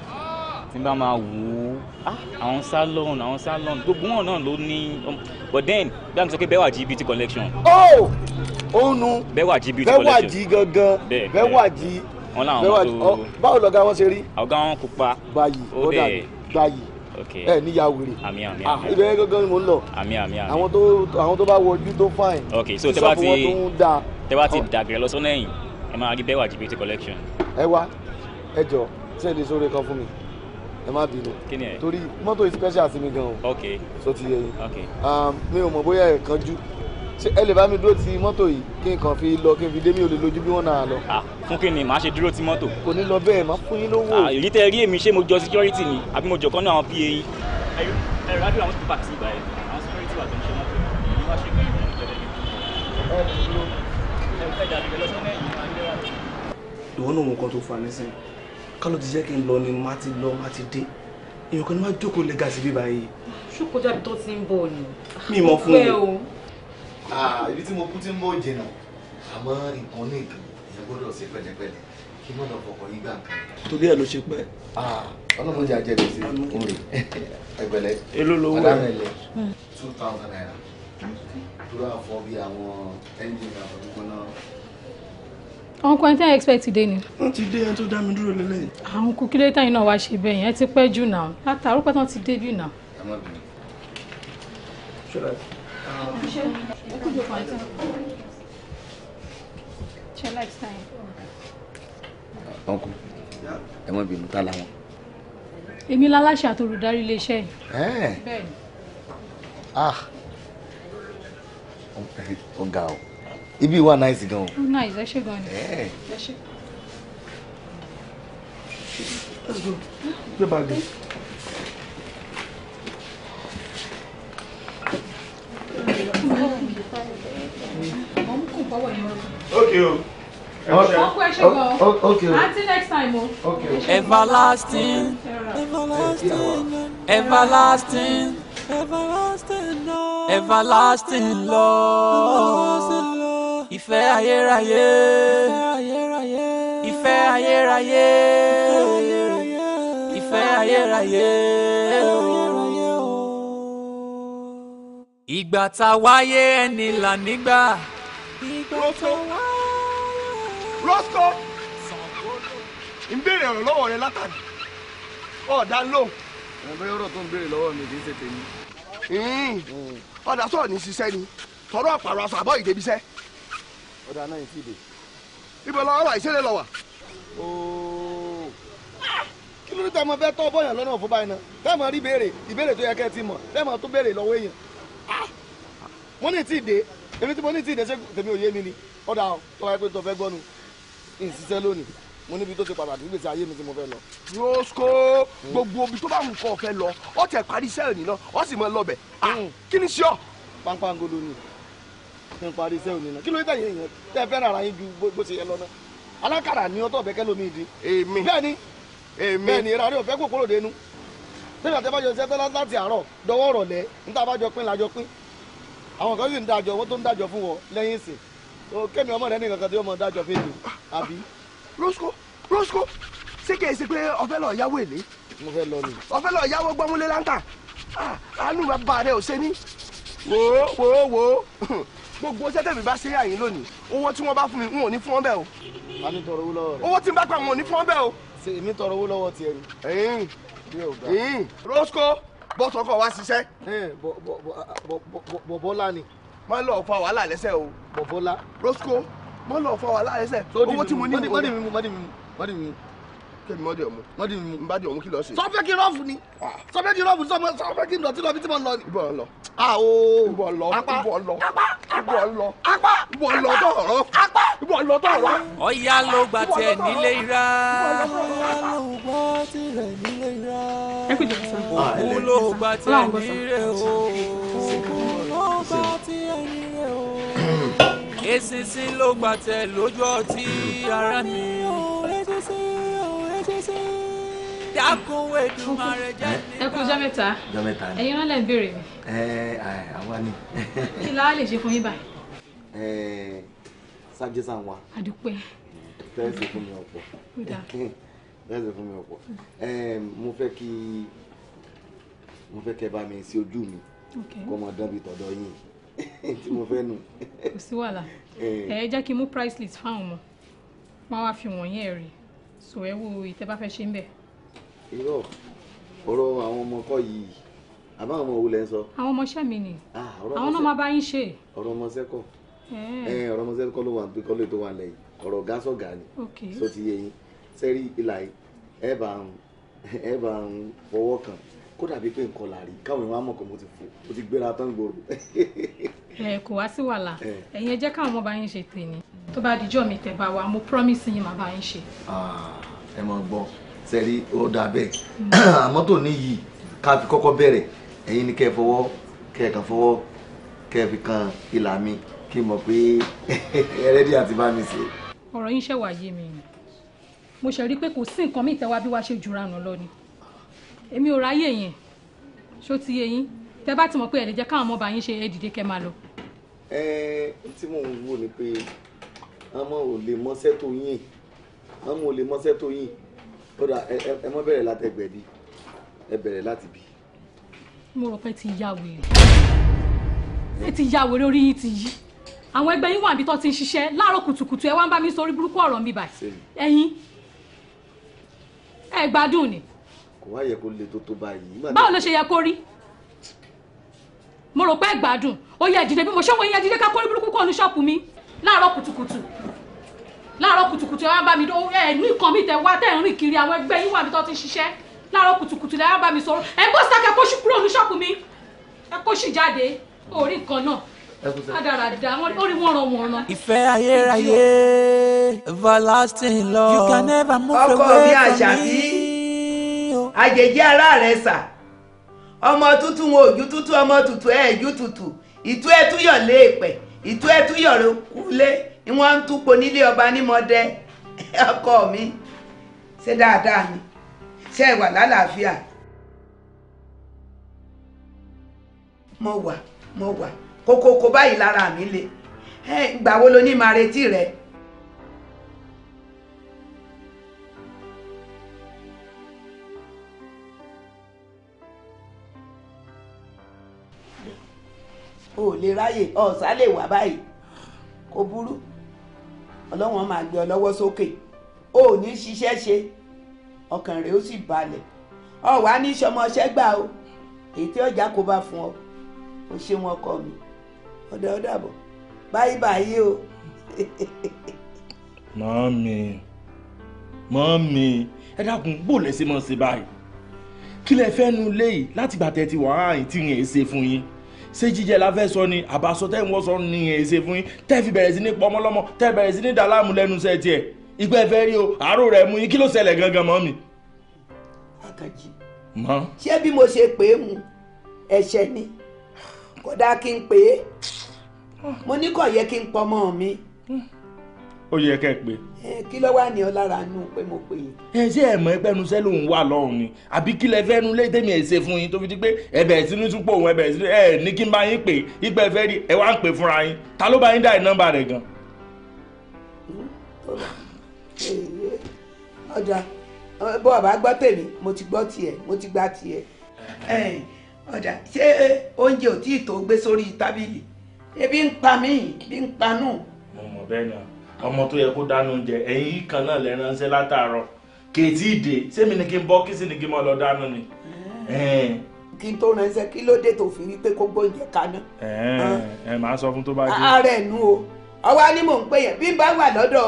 tí bá máa wò ó ah, àwọn salon àwọn salon gbogbo wọn náà ló ní um, but then bí a ti sọ pé bẹ́ẹ̀ wà jí beauty collection. ó oh! ònu oh, bẹ́ẹ̀ wà jí beauty collection bẹ́ẹ̀ wà jí gangan bẹ́ẹ̀ wà jí báwo lọ̀gá wọn ṣe rí. ọ̀gá wọn kópa. gbayì ó dà gbayì ẹ níyà wèrè ah, ibẹ̀ gángan ni mo ń lọ àwọn tó àwọn tó bá wọ ojú tó fine sísọ fún wọn tó ń da. tẹ bá ti dàgẹ̀rẹ̀ lọ sọ́nà ẹ̀yìn ẹ máa rí bẹ́wà jìbìtì collection. ẹ wá ẹ jọ ṣé ẹ lè sọ̀rọ̀ kan fún mi ẹ má bínú torí mọ́tò yìí special sí mi gan o so ti yẹ yín ah, mi ò mọ̀ bóyá ẹ̀ kanjú ṣe ẹ lè bá mi dúró ti mọ́tò yìí kí n kàn fi lọ kí n fi dé mi ò lè lójú bí wọ́n náà lọ. Ah, fún kí ni màá ṣe dúró ti mọ́tò. kò ní lọ bẹ́ẹ̀ má fún yín lówó. Ah, èyí tẹ rí èmi ṣé mo jọ security ni àbí mo jọ kán ní àwọn pa yìí. ẹ rádìó àwọn tó bá ti ibà ẹ àwọn security wà tó ń ṣe mọ́tò yìí wá ṣe pé ìwọ̀n ìjọba ìwọ náà mú tó fa nísìn ká ti jẹ́ kí n lọ ni má ti lọ má ti dé èèyàn kan ní má jókòó lẹ́gàsì bíbá yìí. ṣùkọ́jà bí ti ń bọ̀ ni. mi fún un ibi tí mo kú tí mo jìnnà àmọ́ nǹkan ní ìtàn ìyẹn gbọ́dọ̀ ṣe pẹ̀lẹ́pẹ̀lẹ́ kí mọ̀ lọ fọkàn yín gbà nǹkan. torí ẹ ló ṣe pẹ́. ọlọ́run jẹ́ ajẹ́ gbèsè òrè ẹgbẹ̀lẹ́ èló ló wẹ̀ ọ̀dàmẹ̀lẹ̀ hmm. two thousand naira dúró àfọ bí àwọn ẹ́ńjìnì àbọ̀dúgbọ́ná. ọkọ ẹni tí wọn expect today ni. wọn ti dé ẹni tó dá mi dúró lélẹ́yìn. àwọn kò kí lẹ́tà yìí náà wá ṣe bẹ́ẹ̀ yẹn ti pẹ́ jù náà látàrúpẹ́ tán ti dé jù náà. ẹ má bínú ọkùn ẹ mọ ibi ìmúta làwọn. èmi láláṣẹ àtòlùdarí iléeṣẹ́ yìí. bẹ́ẹ̀ni. ah ó ga o ibi wà náìsì gan o. ó oh, náìsì ẹ gan ni. ẹ ṣe. gbé báàgì. Okay. Oh. Okay. okay. Oh. Until next time, oh. Okay. Everlasting, everlasting, everlasting, everlasting love, everlasting love. Ìfẹ́ ayérayé, ìfẹ́ ayérayé, ìfẹ́ ìgbà tá a wáyé ẹni là nígbà. rosco ń ọ̀rọ̀ lọ́wọ́ rẹ látàdí ọ̀dà lóhùn. ẹ̀bẹ́ ọ̀rọ̀ tó ń béèrè lọ́wọ́ mi kì í ṣe tèmi. Hmm. ọ̀dà sọ̀rọ̀ ní ṣiṣẹ́ ni tọrọ àpàrọ̀ aṣọ ìdẹ́bíṣẹ́. ọ̀dà náà yìí ti dè. ibo lọ́wọ́ wa ìṣẹ̀lẹ̀ lọ wà. Ah! kí ló dé tá a mọ tọ́ bọ́yàn lọ́nà fún náà tẹ́ mọ rí béèrè ìbéèrè tó yẹ kẹ́ ti mọ̀ tẹ́ mọ tó béèrè lọ́wọ́ èèyàn mo ní tí ì dé èmi tí mo ní tí ì dé tèmi ò yé mi ni ọ̀dà tó wáyé pé tó fẹ́ gbọ́nu ìṣiṣẹ́ lónìí mo níbi tó ṣe pàtàkì nígbèsè ayé mi tí mo fẹ́ lọ. rosco gbogbo ibi tó bá wù kọ́ ọ lọ ọ tẹ parí iṣẹ́ òní náà ọ sì mọ lọ́bẹ̀ hmm. kí ni ṣíọ́. pàǹpàǹgolo ni kí n parí iṣẹ́ òní náà kí ló dé tẹ̀yìn yẹn tẹ́ fẹ́ rárá yín ju bó ṣe yẹ lọ náà alákàrà ni ọtọ̀ bẹ́kẹ́ lómi ìdí. èmi bẹ́ẹ̀ni bẹ́ẹ̀ni ìrarẹ́ òfẹ́ kòkòrò dénú tẹ́lẹ̀ àtẹ́fàjọ iṣẹ́ tẹ́lá láti àárọ̀ dọwọ́ rọ̀lẹ́ níta àwọn kan sì ń dájọ́ wọn tó ń dájọ́ fún wọn lẹ́yìn ìsìn o kémi ọmọ rẹ nìkan kan tí yóò mọ dájọ́ fèmí àbí. Roscoe Roscoe ṣé kìí ṣe pé ọfẹ lọ yáwó èlé. mo fẹ́ lọ ni. ọfẹ lọ yáwó gbọmúlé láńtà ah, àánú bàbá rẹ ò ṣe ní. wo, wo. wò ó wò ó gbogbo ṣẹ́ tẹ̀mí bá ṣe àyín lónìí owó tí wọ́n bá fún mi n ò ní fún ọ bẹ́ẹ̀ o. a ní tọrọ owó lọ́wọ́ rẹ. owó tí n bá pa n ò ní fún ọ bẹ́ẹ̀ o. èmi tọrọ owó lọ́wọ́ tiẹ̀ ni. Roscoe bọ́sọ̀ kọ̀ wá ṣiṣẹ́. bọ̀bọ́lá ni. má lọ fa wàhálà lẹ́sẹ̀ o. bọ̀bọ́lá. Roscoe má lọ fa wàhálà lẹ́sẹ̀. owó tí mo ní mo ní. mọ́dìmí mọ́dìmí mọ́dìmí kémi mọ́dì ọ̀mú. mọ́dì mi mú. mbádì ọ̀mú kí lọ sí. sọ fẹ́ kí rọ́ọ̀fù ni. Ah. sọ fẹ́ kí rọ́ọ̀fù sọ fẹ́ kí ndọ̀tí lọ bí tí mo lọ ni. ibò lọ. àwò. Ah, ibò lọ. apá ibò lọ. apá ibò lọ. apá ibò lọ tọ̀rọ̀. apá ibò lọ tọ̀rọ̀. ọ̀ya ló gba tiẹ̀ nílé ira. òkú ló gba tiẹ̀ ah, nílé o. òkú ló gba tiẹ̀ nílé o. eṣinṣin ló gba tiẹ̀ lójú ọtí ara mi. eṣinṣin ẹ kú ọjọ́ mẹ́ta ẹ̀yin náà lè béèrè mi. àwa ni. kí la lè ṣe fún yín báyìí. sáájú sáà wa. àdúpẹ́. tẹ́sí fún mi ọ̀pọ̀ tẹ́sí fún mi ọ̀pọ̀ mo fẹ́ kí mo fẹ́ kẹ́ bá mi sí ojú mi kọ́ mọ dán bí tọ̀dọ̀ yín tí mo fẹ́ nù. kò sí wàhálà ẹ jẹ́ kí n mú price list fáwọn ọmọ wọn á wá fi wọ̀nyẹn rí i sọ ẹ wo ìtẹ́ bá fẹ́ ṣe ń bẹ̀. irọ́ ọ̀rọ̀ àwọn ọmọ kọ́ yìí àbá àwọn òwúlẹ̀ ń sọ. àwọn ọmọọṣẹ́ mi ni ah, àwọn náà máa bá yín ṣe. ọ̀rọ̀ ọmọọṣẹ́ kọ́ eh. Eh, ọ̀rọ̀ ọmọọṣẹ́ kọ́ ló wà pé kọ́ lè tó wà lẹ́yìn ọ̀rọ̀ ọ̀gá sọ̀gá ni sọ ti yé yín sẹ́rí ìlà yìí ẹ bá ń ẹ bá ń fọwọ́ kàn kó dàbí pé nǹkan là rí káwọn èèyàn á mọ̀ kó mo ti fò mo ti gbéra tán gbòòrò. ẹ eh, kò wá sí wàhálà ẹ̀yin ẹ jẹ́ káwọn ọmọ bá yín ṣe tèmi tó bá dijọ́ mi tẹ̀ wa mo promise yín màá bá yín ṣe. Ah, ẹ mọ̀ gbọ́ sẹ́rí ó dà bẹ́ẹ̀ mm. àmọ́ tó ní yìí ká fi kọ́kọ́ bẹ̀rẹ̀ ẹ̀yin ni kẹ́ ẹ fọwọ́ kẹ́ ẹ kàn fọwọ́ kẹ́ ẹ fi kan ìlà mi kí mọ̀ pé ẹrẹ́dí àti bá mi ṣe. ọ̀rọ̀ yín ṣẹ̀wá yé mi ni mo ṣe rí i pé kò sí nǹkan míì tẹ́wá bí wàá ṣe jura nù lọ ni èmi ò ráyè yẹn ṣó ti yé yín tẹ́ bá ti mọ̀ pé ẹ lè jẹ́ káwọn ọmọ bá yín ṣe ẹ dìde kẹ́ máa lọ. ẹ tí mò ń wò ni pé ọmọ ò lè mọ́ṣẹ́ tó yìn ọmọ ò lè mọ́ṣẹ́ tó yìn kódà ẹ mọ́ bẹ̀rẹ̀ látẹ̀gbẹ̀bí ẹ bẹ̀rẹ̀ láti bí. mo rò pé ti ya wèrè ẹ ti ya wèrè orí yín ti yí àwọn ẹgbẹ́ yín wà níbi tó ti ń ṣiṣẹ́ láàárọ̀ kùtùkùtù ẹ wá ń bá mi sọ orí burúkú ọ̀rọ̀ mi báyìí ẹ̀yin ẹ gbádùn ni. kò wá yẹ kó le tó tó báyìí. báwo ló ṣe yẹ kó rí mo rò pé ẹ gbádùn ó yẹ ìdílé bí mo ṣe wọ ìyẹn ìdílé ká kó orí burúkú kọ́ ní ṣọ́ọ̀pù mi láàárọ̀ kùtùkùtù láàárọ̀ kùtùkùtù ẹ wá bá mi dó ẹ nìkan mi tẹ wá tẹ ń rìn kiri àwọn ẹgbẹ́ yín wà mí tó ti ṣiṣẹ́ láàárọ̀ kùtùkùtù lẹ wá bá mi sọ̀rọ̀ ẹ gbọ́ sákẹ́ kó kúrò ní ṣọ́ọ̀pù mi ẹ kó jáde orí nǹkan náà adarada orí wọn ràn wọn ràn. ìfẹ́ ayérayé everlasting love you can never move away from me. ọkọ bí àṣà bí àjèjì ara rẹ̀ sà ọmọ tuntun wọn ò ju tuntun ọmọ tutù ẹ̀ ju tutù ìtú ẹ̀ túyọ̀ lé èpẹ̀. ìtú ẹtú yọ̀rọ̀ kulé ni wọ́n ń túpo nílé ọba nímọ̀dẹ ọkọ mi ṣe dáadáa ni ṣe wà lálàáfíà mo wà mo wà kókó kó báyìí lára mi le gbàwo lo ní máa retí rẹ. o ò lè ráyè ọ̀sá lè wà báyìí kò burú ọlọ́wọ́n máa gbé ọ lọ́wọ́ sókè o ò ní ṣiṣẹ́ ṣe ọkàn rẹ̀ ó sì balẹ̀ ọ wà ní sọmọṣẹ́ gbà o èyí tí ọjà kò bá fún ọ o ṣe wọn kọ mi ọ̀dọ̀ ọ̀dọ̀ àbọ̀ báyìí báyìí o. mọ́mí mọ́mí ẹ dákun bò lẹ́sìn mọ́ sí báyìí kí lẹ fẹ́ nu léyìí láti gbà tẹ́ ti wàhálà yìí tí yẹn ṣe fún yín ṣé la fẹ́ sọ ni àbàsọ tẹ́ ń wọ́ sọ ni yẹn ṣe fún yín tẹ́ fi bẹ̀rẹ̀ sí ní pọmọ lọ́mọ tẹ́ bẹ̀rẹ̀ sí ní dàlámù lẹ́nu iṣẹ́ tiẹ̀ ìgbẹ́ fẹ́ rí o àárò rẹ̀ mú yín kí ló ṣẹlẹ̀ gangan mọ́ mi. Àkànjí ṣé bí mo ṣe pè é mu ẹ̀ṣẹ̀ ni kódà kí n pè é ah. mo ní kò yẹ kí n pọmọ mi hmm ó yẹ kẹ́ ẹ pé. kí ló wà ní ọ lára nù pé mo pè é. ẹ ṣé ẹ mọ̀ ẹgbẹ́ nu sẹ́lòun wà lọ́hùn ni àbí kí lẹ fẹ́ nu lé tèmi ẹ̀ ṣe fún yín tó fi di pé ẹ̀bẹ̀ sínú tún pò òun ẹ̀bẹ̀ sínú ẹ̀ ní kí n bá yín pè ìgbẹ́ fẹ́ rí ẹ wá ń pè fúnra yín ta ló bá yín dá ẹ̀ nọ́mbà rẹ̀ gan. Hmm? ọjà bó o bá gbọ́ tèmi mo ti gbọ́ tiẹ̀ mo ti gbà tiẹ̀. ọjà ṣé oúnjẹ ò tí ì tó gbé sórí tábìlì ebi ń pa mí ebi ń pa mo mọ̀ bẹ́ẹ̀ náà ọmọ tó yẹ kó dánú oúnjẹ ẹ̀yin yìí kan náà lẹ ránṣẹ́ látàárọ̀ kèétí ìdè sẹ́mi ni kí n bọ́ kí sì ni kí n mọ̀ lọ dánú ni. kí n tó ránṣẹ́ kí ló dé tó fi wípé kó gbóúnjẹ kaná. ẹ máa sọ fún tó bá dé. ara ẹ̀ nu o ọwọ́ ni mò ń pè yẹn bí bá wà lọ́dọ̀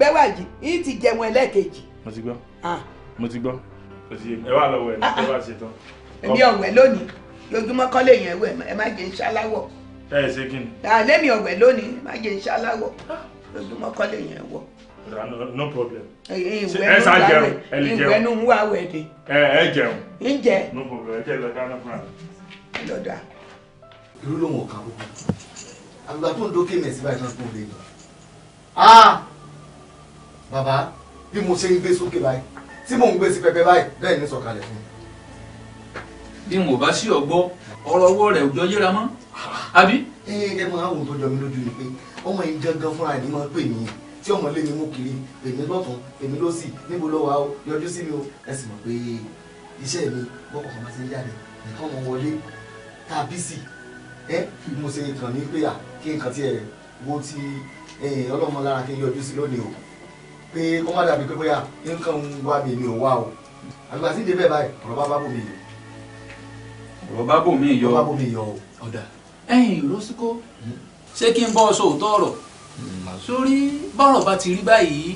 bẹ́wàjì yìí ti jẹun ẹlẹ́ẹ̀kejì. mo ti gbọ́ mo ti gbọ́ ẹ wà lọ́wọ́ ẹ̀ ní tó ah, bá ah. ṣe tán. èmi ọ̀wẹ́ lónìí lójúmọ́ kọ́lé yẹn ẹ má jẹ́ ń ṣaláwọ̀ ẹ ṣe kí ni. àlẹ́ ah, mi ọ̀wẹ̀ lónìí má jẹ́ iṣẹ́ aláwọ̀ lójúmọ́kọ́ ah. lè yẹn wọ̀. no problem. ẹ sá jẹun ẹ lè jẹun ìwẹ̀nu ń wá wẹ̀ ni. ẹ ẹ jẹun. ń jẹ. no problem ẹ jẹ lọ dáná fún mi. lọ́dà. irú ló ń wọ̀ kàwé àgbà tó ń dókè mẹ́sì báyìí náà tó ń lè lọ. Ah! bàbá bí mo ṣe ń gbé sókè báyìí tí mò ń gbé sí pẹpẹ báyìí bẹ́ẹ̀ ni sọ̀kalẹ̀ fún mi. bí mo bá sí ọgbọ́ ọ̀rọ̀ ọwọ́ rẹ̀ òjò yíra mọ́ àbí. ẹ ẹ máa wò tó jọ mí lójú ni pé ọmọ yìí gangan fúnra ẹ̀ ní máa pè mí tí ọmọ lé mi mú kiri èmi lọ́tún èmi lọ́sì níbo ló wà ó yọjú sí mi o ẹ sì mọ̀ pé iṣẹ́ mi gbọ́kọ̀ kan máa ṣe ń jáde nǹkan ọmọ wọlé tá a bí sí ẹ mo ṣe kàn ní pé à kí nǹkan tiẹ̀ wo ti ọlọ́mọ lára kí n yọjú sí lónìí o pé kó má dàbí pé bóyá nǹkan ń wá mi mi ò wá o àgbà sí ìdí bẹ́ẹ̀ báyìí ọ̀rọ̀ bá bá bò mí yìí ọba bòmí yọ ọba bòmí yọ ọdà ẹ̀yin rọsíkó ṣé kí n bọ ọsọ òótọ́ ọ̀rọ̀ sórí bọ́rọ̀ bá ti rí báyìí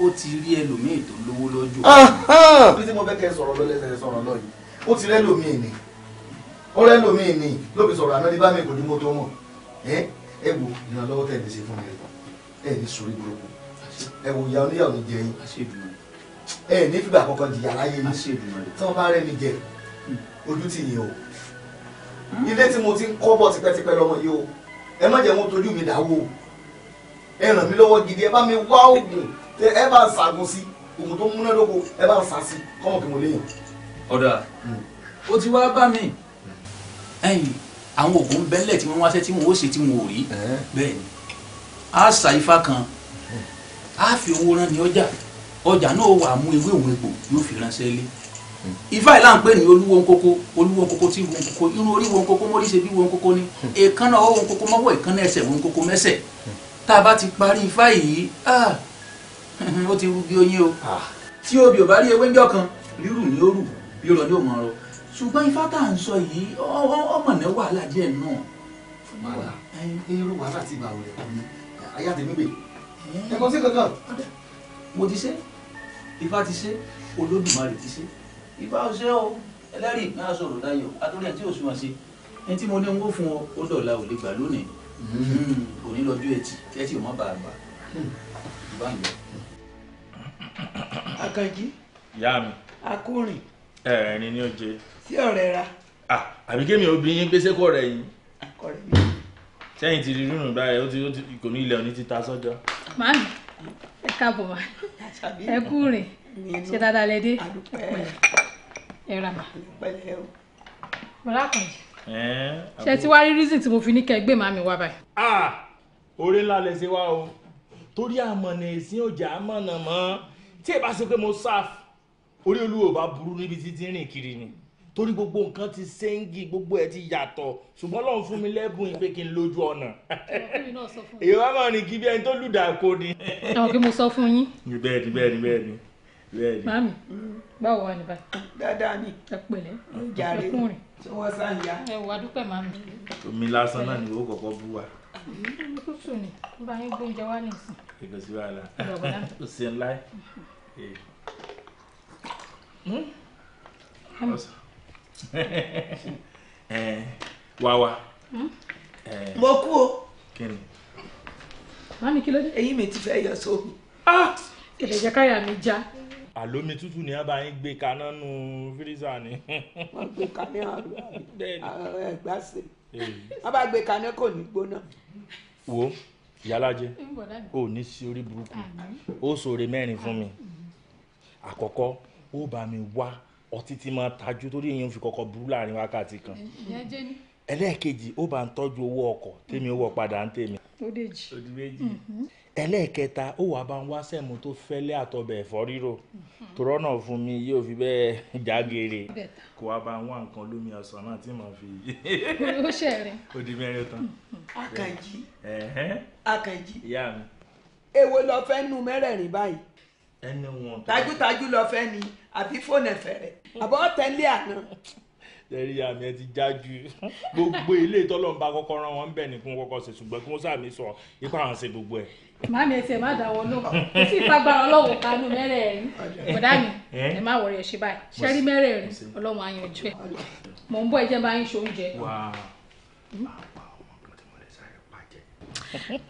ó ti rí ẹlòmíì tó lówó lọ́jọ́. Ah, ah! bí tí mo fẹ́ kẹ́ ẹ sọ̀rọ̀ lọ́lẹ́ ẹ sọ̀rọ̀ lọ́yìn ó ti rí ẹlòmíì ni ó rí ẹlòmíì ni ló fi sọ̀rọ̀ àná ní bá mi kò ní mo tó mọ̀ ẹ ẹ wo ìrànlọ́wọ́ tẹ̀ ẹ̀ ṣe fún mi ẹ ní sórí burúkú ẹ wo ìyá oníyàwó jẹ yín ẹ ní fìgbà kankan jìyà láyé mi tí wọ́n bá rẹ́ mi jẹ ojú tì yín o ilé tí mo ti ń kọ́ bọ̀ tipẹ́tipẹ́ lọ́mọ yìí o ẹ má jẹ́ mo tójú mi dáwó o ẹ ràn mí lọ́wọ́ gidi ẹ bá mi wá oògùn tẹ ẹ bá ṣàgùn sí oògùn tó múnádóko ẹ bá ṣà sí kọ́mọ̀ kí mo léèyàn. ọ̀dà ó hmm. ti wá bá mi ẹ̀yìn àwọn oògùn bẹ́lẹ̀ tí wọ́n wáṣẹ́ tí wọ́n ó ṣe tí wọ́n ò rí bẹ́ẹ̀ ni a ṣà ifá kan a fi owó rán ní ọjà ọjà náà wà mú ewé òun egbò yóò fi ránṣẹ́ lé ifá ìlànà pé ní olúwo nkoko olúwo nkoko tí wo nkoko irun orí wo nkoko mórí ṣe bí wo nkoko ni èékánná ọwọ́ wo nkoko mọ́wọ́ èékánná ẹsẹ̀ wo nkoko mẹ́sẹ̀ tá a bá ti parí ifá yìí ah, ó ti rú bí oyin o ah. tí obì ò bá rí ewé ńjọ kan rírù ní òrù rírọ ní òmò ọrọ ṣùgbọ́n ifá tá à ń sọ yìí ọmọ ní wàhálà díẹ̀ náà. wàhálà ẹ irú wàhálà ti gbà wọlé kù ní ayé àtẹnugbè ẹ kọ sí kankan. mo ti ṣe ifá ti ṣe ìbá ọsẹ o ẹlẹ́rìí ìpín aṣọ òrò dayọ̀ àtúrò ẹ̀ tí ò súnmọ́ sí ẹni tí mo ní owó fún ọ ó dọ̀la ò lè gbà lónìí mm-hmm. òní lọ́jọ́ ẹtì kẹ́tì ò má bàa gbà mm-hmm. ìbá ń lọ. Àkànjí. ìyá mi. akórin. ẹ̀rín ni ó jẹ. sí ọ̀rẹ́ ra. àbí kémi obìnrin gbèsè kọ rẹ̀ yìí. akọ̀rẹ́ mi. sẹ́yìn ti rí rúnrún báyìí ó ti kò ní ilẹ̀ òní ti ta sọ́jọ́. màámi ẹ káàbọ̀ ma ẹ kú rìn ṣe dáadáa lẹ dé ẹ ra mà. bọ̀dá kan ṣe ti wá rí reason tí mo fi ní kẹ́ gbé màmí wá báyìí. ah oore ńlá lẹ ṣe wá o torí àmọ̀nà ẹ̀sìn ọjà àmọ̀nà mọ́ tí ẹ bá ṣe pé mo sáf orí olúwo bá burú níbi títí rìn kiri ni torí gbogbo nǹkan ti ṣéǹgì gbogbo ẹ ti yàtọ̀ ṣùgbọ́n lọ́n fún mi lẹ́bùn yìí pé kí n lójú ọ̀nà èyí wá máa rìn kí bí ẹni tó lùdà kó ni. ẹ wọ́n kí mo sọ fún yín. bẹ́ẹ̀ ni bẹ́ẹ̀ ni bẹ́ẹ̀ ni mami báwo wà ní báyìí. dáadáa ni ẹ pẹ̀lẹ́ ẹ kúnrin. tí wọn sá ń ya. ẹ wà dúpẹ́ mami. omi lásán náà ni ó kọ́kọ́ bú wa. tútù ni bá yín gbóúnjẹ wá nìsín. èkó sí wàhálà ó ṣe ńlá ẹ. Eh. Hmm? Eh, wá wá. Hmm? Eh. mo kú o. kí ni. mami kí ló dé. eyín mi ti fẹ́ yọ sómi. ilẹ̀ ah! jẹ́ káyà mi já àlómi tútù ni wọn bá yín gbé kaná nu fírísà ni. wọn gbé kaná àwọn ẹgbà sí wọn bá gbé kaná kò ní gbóná. wo yálàjẹ o ní sí orí burúkú ó sòrè mẹ́rin fún mi àkọ́kọ́ ó bá mi wá ọtí tí máa tajú torí èèyàn fi kọ́kọ́ burú láàrin wákàtí kan ẹlẹ́ẹ̀kejì ó bá ń tọ́jú owó ọkọ̀ tèmi ó padà ń tèmi. ó dèjì ó dèjì ẹlẹ́ẹ̀kẹta ó wàá bá ń wá sẹ́mu tó fẹ́lẹ́ àtọbẹ̀ ẹ̀fọ́ ríro mhm. tòrọ́nà fún mi yóò fi bẹ́ẹ̀ jágere kó wàá bá ń wá nǹkan lómi ọ̀sán náà tí màá fi. ó ṣẹ̀rẹ̀. ó di mẹ́rin tán. Mhm. Àkànjí Àkànjí èwo ló fẹ́ nu mẹ́rẹ̀ẹ̀rin báyìí ẹni wọn. tajútajú ló fẹ́ ni àbí fóònù ẹ̀fẹ̀ rẹ̀ àbọ̀ tẹ́lẹ̀ àná ẹrí àmì ẹ ti jájú gbogbo ilé ìtọ́lọ́mùbá kọ́kọ́ rán wọn ń bẹ̀ nìkún kọ́kọ́ ṣe ṣùgbọ́n kí wọ́n sàmì sọ ipá àwọn ṣe màámi ẹsẹ̀ má dà wọ́n lóhùn kò sí ìfagbára ọlọ́wọ́ kanú mẹ́rẹ̀ẹ̀rin bọ̀dá mi ẹ má wọ̀rẹ̀ ẹ̀ ṣe báyìí ṣẹ́rí mẹ́rẹ̀ẹ̀rin ọlọ́wọ́ àyànjú ẹ̀ mò ń bọ̀ ẹ jẹ́ bá ń ṣe oúnjẹ.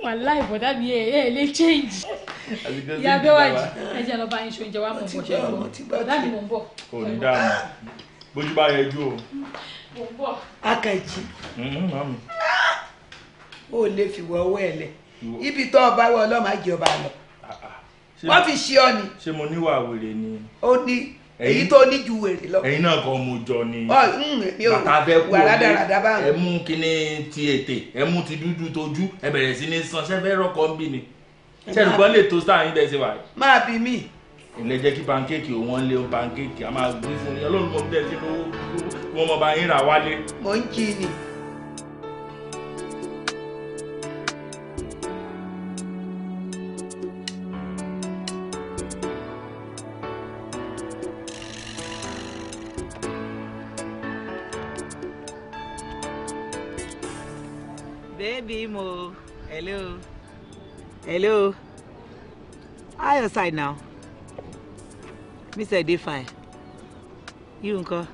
wàhálà ìbọ̀dá mi ẹ ẹ lè change ìyá abẹ́wájì ẹ jẹ́ lọ́ọ́ bá ń ṣe oúnjẹ wa mò ń bọ̀ ṣe é bọ̀ bọ̀dá mi mò ń bọ̀. kò ní dáa bójú bá yẹjú o. mò ń bọ̀. akàjì. Mm-hmm, ibi tó ọba wọ ọlọ́mọ àjẹ ọba lọ ah, ah. wọ́n fi ṣe ọ ni. ṣé mo níwà wèrè ni. ó ní èyí tó ní ju wèrè lọ. ẹ̀yin náà kan mo jọ ni. ọ mm, mi ò wà rádaràdà bá mi. ẹ mú kíní ti ètè ẹ mú ti dúdú tójú ẹ bẹ̀rẹ̀ sí ní san ṣẹ́fẹ́ rọ́kọ̀ ń bì ni. ṣẹ́ni kan lè tó sáà yín bẹ́ẹ̀ ṣe wà. máa bí mi ilé jẹ́ kí pankéèkì òun lé pankéèkì a máa gbé fún yín ọlọ́run kò tẹ̀sí lówó wọ́n mọ̀ bá yín rà wálé. mo ń jí ni. Imo. Hello. Hello. How your side now? Me say dey You unko.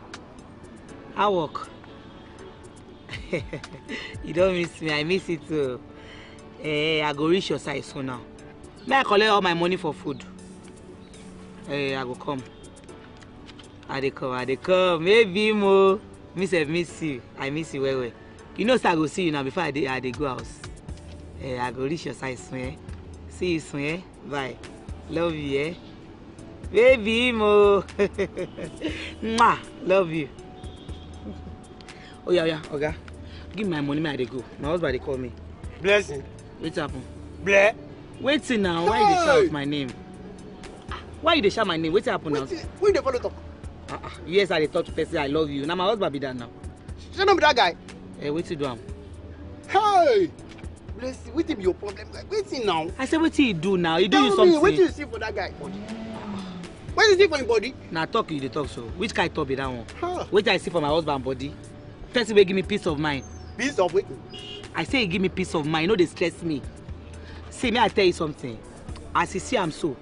I work? you don't miss me. I miss you too. Eh, I go reach your side soon now. May I collect all my money for food? Eh, I go come. I dey come. I dey come. Maybe Imo. Miss I miss you. I miss you well well you know say i go see you now before i dey i dey go house eh i go reach your side soon eh see you soon eh bye love you eh baby mo mwah love you oya oya oga give my money make i dey go my husband dey call me. blessing. wetin happen. ble. wetin na why you dey shout my name why you dey shout my name wetin happen now. wetin wey dey follow talk. Uh -uh. yes i dey talk to person i love you na my husband be that now. shey no be that guy eh wetin do am hey bless you wetin be your problem like wetin now i say wetin he do now he do you something tell me wetin you see for that guy body wetin you see for him body na talk you dey talk so which kind talk be that one huh. wetin i see for my husband body person wey give me peace of mind peace of wetin i say he give me peace of mind he no dey stress me see may i tell you something as he see am so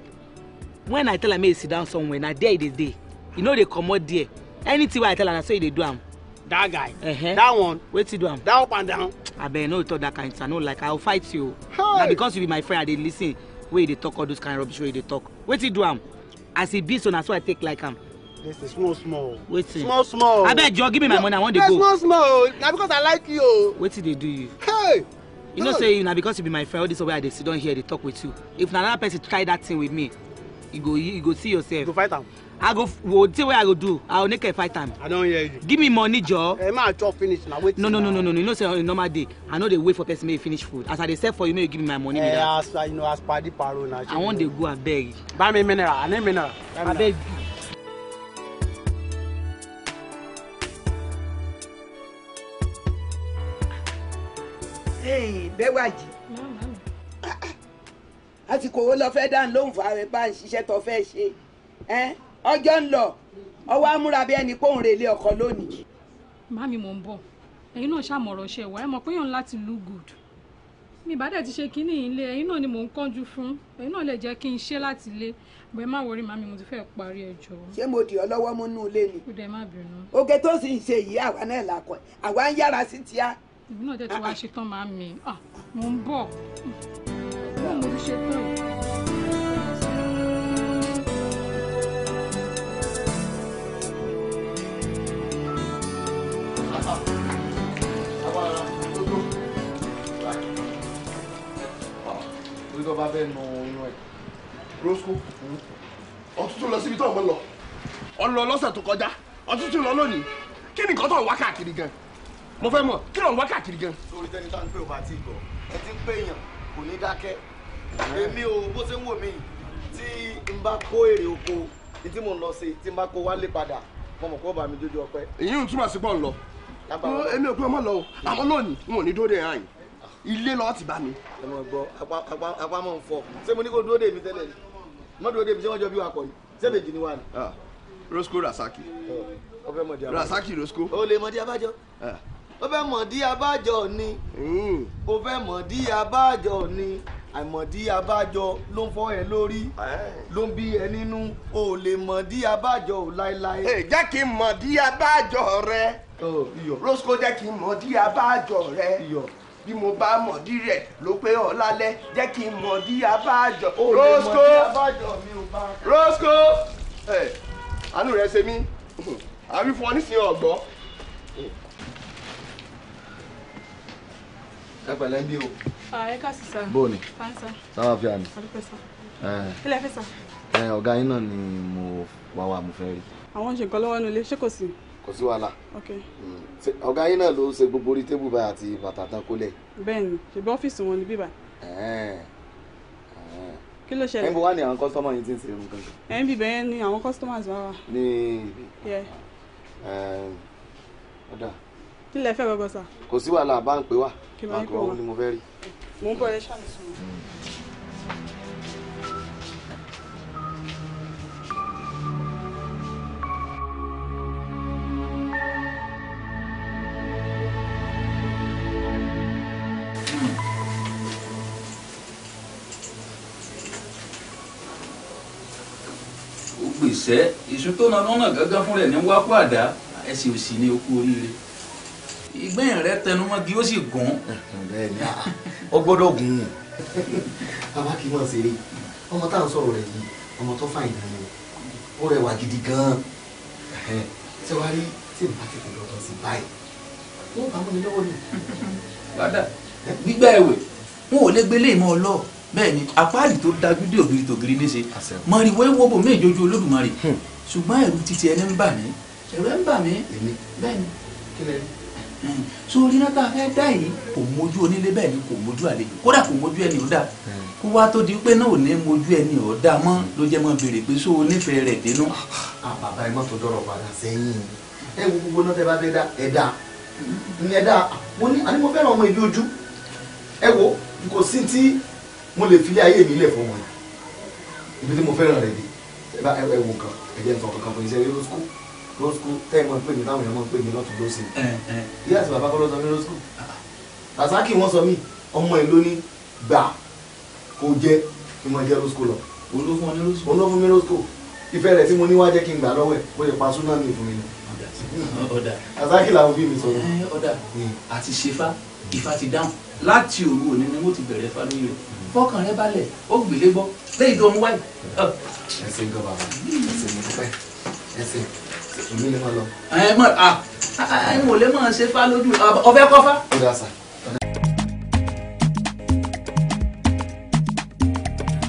when i tell am make he sit down somewhere na there he dey dey he no dey comot there anything wey i tell am na so he dey do am that guy uh-huh. that one wetin do am that up and down. abeg no talk that kind thing i no like i go fight you o na because you be my friend i dey lis ten wey you dey talk all those kind rubbish wey you dey talk wetin do am as e be so na so i take like am. this is small small. wetin small small. abeg jọ give me my money i wan dey go. small small na because i like you o. wetin dey do you. Hey! you know say na because you be my friend all this way i dey down here dey talk with you if na another person try that thing with me you go you go see yourself. you go fight am i go well, tell what i go do i go make her five time. i don hear you. give me money jor. ẹ máa chop finish na wetin. no no no no no you know say on a normal day i no dey wait for person make e finish food as i dey sell for you make you give me my money. ẹ eh, as you know as padi paro na. i wan dey go abeg. buy me mineral i need mineral. abeg. bẹ́wàjì àsìkò wo lọ fẹ́ dá lóhùn fún ààrẹ bá ń ṣiṣẹ́ tó fẹ́ ṣe ọjọ́ ń lọ ọwọ́ amúra bí ẹni kóhùn rè lé ọkọ lónìí. màmí mò ń bọ̀ ẹ̀yin náà ṣàmọ̀rọ̀ ṣe wá ẹ mọ̀ pé yàn láti look good mi bá dẹ̀ ti ṣe kínní ilé ẹ̀yin náà ni mò ń kánjú fún ẹ̀yin náà lè jẹ́ kí n ṣe láti ilé bọ́ ẹ má wọrí màmí mo ti fẹ́ parí ẹ jọ. ṣé mo dì ọ́ lọ́wọ́ mú inú ilé ni. kúdẹ má bínú. oge tó sì ń ṣe yìí àwa náà làkọ àwa ń yára sí tíá. èmi náà ti wá ṣetán màmí mo ń bọ̀ mo ti ṣetán torí tó bá bẹ́ẹ̀ nu oyún ẹ̀. rosco ọtútù lọ síbi tó ọmọ lọ. ọlọ lọ́sẹ̀ tó kọjá ọtútù lọ lónìí kí ni nǹkan tó ń wá káàkiri gan. mo fẹ́ mọ̀ kí ló ń wá káàkiri gan. sórí tẹni tá n pè ò bá ti gbọ́ ẹ ti ń pè yàn kò ní dákẹ́ èmi ò bó ṣe ń wò mí tí n bá kó èrè oko tí mo ń lọ sí tí n bá kó wálé padà mo mọ̀ kó bá mi dójú ọpẹ́. èyí ń túmọ̀ sí pọ̀ ń lọ èmi ò pé ọmọ lọ o àmọ́ lónìí wọn ò ní dúró dé ẹ̀hán yìí ilé lọ́ọ́ ti bá mi. ẹ mọ̀ gbọ́ apá mọ̀ ń fọ ṣé mo ní kó dúró dé mi tẹ́lẹ̀ mọ́ dúró dé mi ṣé wọ́n jọ bí wà pọ̀ ni ṣé méjì ni wà ni. Ah, Roscoe Rasaki Rasaki Roscoe. o lè mọ̀ di abájọ o ah. fẹ́ mọ̀ di abájọ ni o fẹ́ mọ̀ di abájọ ni àìmọ̀dí abájọ ló ń fọ́ ẹ lórí ló ń bí ẹ nínú o lè mọ̀dí abájọ láéláé. ẹ jẹ́ kí n mọ̀dí abájọ rẹ rosco jẹ́ kí n mọ̀ dí abájọ rẹ bí mo bá mọ̀ dí rẹ̀ ló pé ọ̀làlẹ́ jẹ́ kí n mọ̀ dí abájọ rosco rosco àánú rẹ ṣe mí àbí nísìnyí ọgbọ. ẹ pẹ̀lẹ́ bí o. ẹ ká sì sá. bóòni sáwà fi àmì. ilé ẹ fẹ́ sá. ọ̀gá yín náà ni mo wá wa mo fẹ́ rí. àwọn ṣe nǹkan lọ́wọ́ nílé ṣé kò sí kò sí wàhálà. Mm. ọ̀gá yín náà ló ṣe gbogbo orí tébù báyìí àti bàtà tán kólẹ̀. bẹ́ẹ̀ni ṣebí ọ́fíìsì wọn ni bíbá. kí ló ṣẹlẹ̀. ẹnbí wà ní àwọn kọ́sítọ́mà yìí ti ń ṣe irun kankan. ẹnbí bẹ́ẹ̀ ni àwọn kọ́sítọ́mà wa wà. ní ọ̀dà. kí lẹ fẹ́ gbọ́gbọ́ sà. kò sí wàhálà bá ń pè wá. bá ń pè wá. mo ń bọ̀ ẹ ṣàlùsùn. sẹ́ èso tó na lọ́nà gángan fún rẹ̀ ní wákú àdá ẹ̀sìn òsì ni okú oríire ìgbẹ́yìn rẹ tẹnumọ́ kí ó sì gùn. bẹ́ẹ̀ni ó gbọ́dọ̀ gùn ún. bàbá kì í mọ̀ sí rí ọmọ táwọn sọ̀rọ̀ rẹ̀ yìí ọmọ tó fà ìdá ni ó rẹwà gidi gan-an ṣé wàá rí tí n bá ti kò lọ́dọ̀ sí báyìí wọ́n bá mọ́ mi lọ́wọ́ ni. gbígbà ẹ̀wẹ̀ wọn ò lè gbélé ìmọ̀ ọlọ́ọ̀ bẹ́ẹ̀ni apáàlì tó dájú dé ògiri tògiri níṣe mọ̀rìwọ́ ìwọ́bọ̀ méjèèjì olódùmarè hmm. ṣùgbọ́n ẹ̀rù títí ẹni ń bà mí ẹ̀rù ẹ̀ ń bà mí bẹ́ẹ̀ni sórí náà tá a fẹ́ dá yìí kò mójú onílé bẹ́ẹ̀ ni kò mójú àlejò kódà kò mójú ẹni ọ̀dà hmm. kó wá tó di pé náà ò ní mójú ẹni ọ̀dà mọ́ hmm. ló jẹ́ mọ́ béèrè pé sóò nífẹ̀ẹ́ rẹ̀ dénú. àbàbà ah, ah, ẹ má tó dọ̀rọ̀ padà sẹ́yìn ẹ wo gbogbo náà tẹ́ bá fẹ́ dá ẹ̀dá ẹ̀dá mo ní àní mo fẹ́ràn ọmọ ìlú ojú ẹ wo kò sí ti mo lè filé ayé mi lẹ̀ fún wọn ibi tí mo fẹ́ràn rẹ̀ dé ẹ bá ẹ wò kan ẹ jẹ́ nǹkan kankan fún iṣẹ́ rose school rose school tẹ́ ẹ mọ̀ pé mi táwọn èèyàn mọ̀ pé mi lọ́tún ló ṣe ìyá àti bàbá kọ́ ló sọ mí rose school Rasaki wọ́n sọ mí ọmọ ìlú ní gbà kó jẹ́ kí mo jẹ́ rose school lọ òun ló fún mi rose school ìfẹ́ rẹ̀ tí mo ní wá jẹ́ kí n gbà lọ́wọ́ ẹ̀ ó lè pa súná mi fún mi ni Rasaki làwọn bí mi sọ mi. Hmm. àti ṣefá ifá ti dáhùn láti òru òní ni mo ti bẹ̀rẹ̀ fá lóyè fọkàn rẹ balẹ̀ ó gbélé gbọ́ lẹ́yìn tó ń wáyé. ẹ ṣe nǹkan bàbá ẹ ṣe mo dúpẹ́ ẹ ṣe èmi lè máa lọ. ẹ mọ à ẹ mọ lè máa ṣe fá lójú ọbẹ kọfá.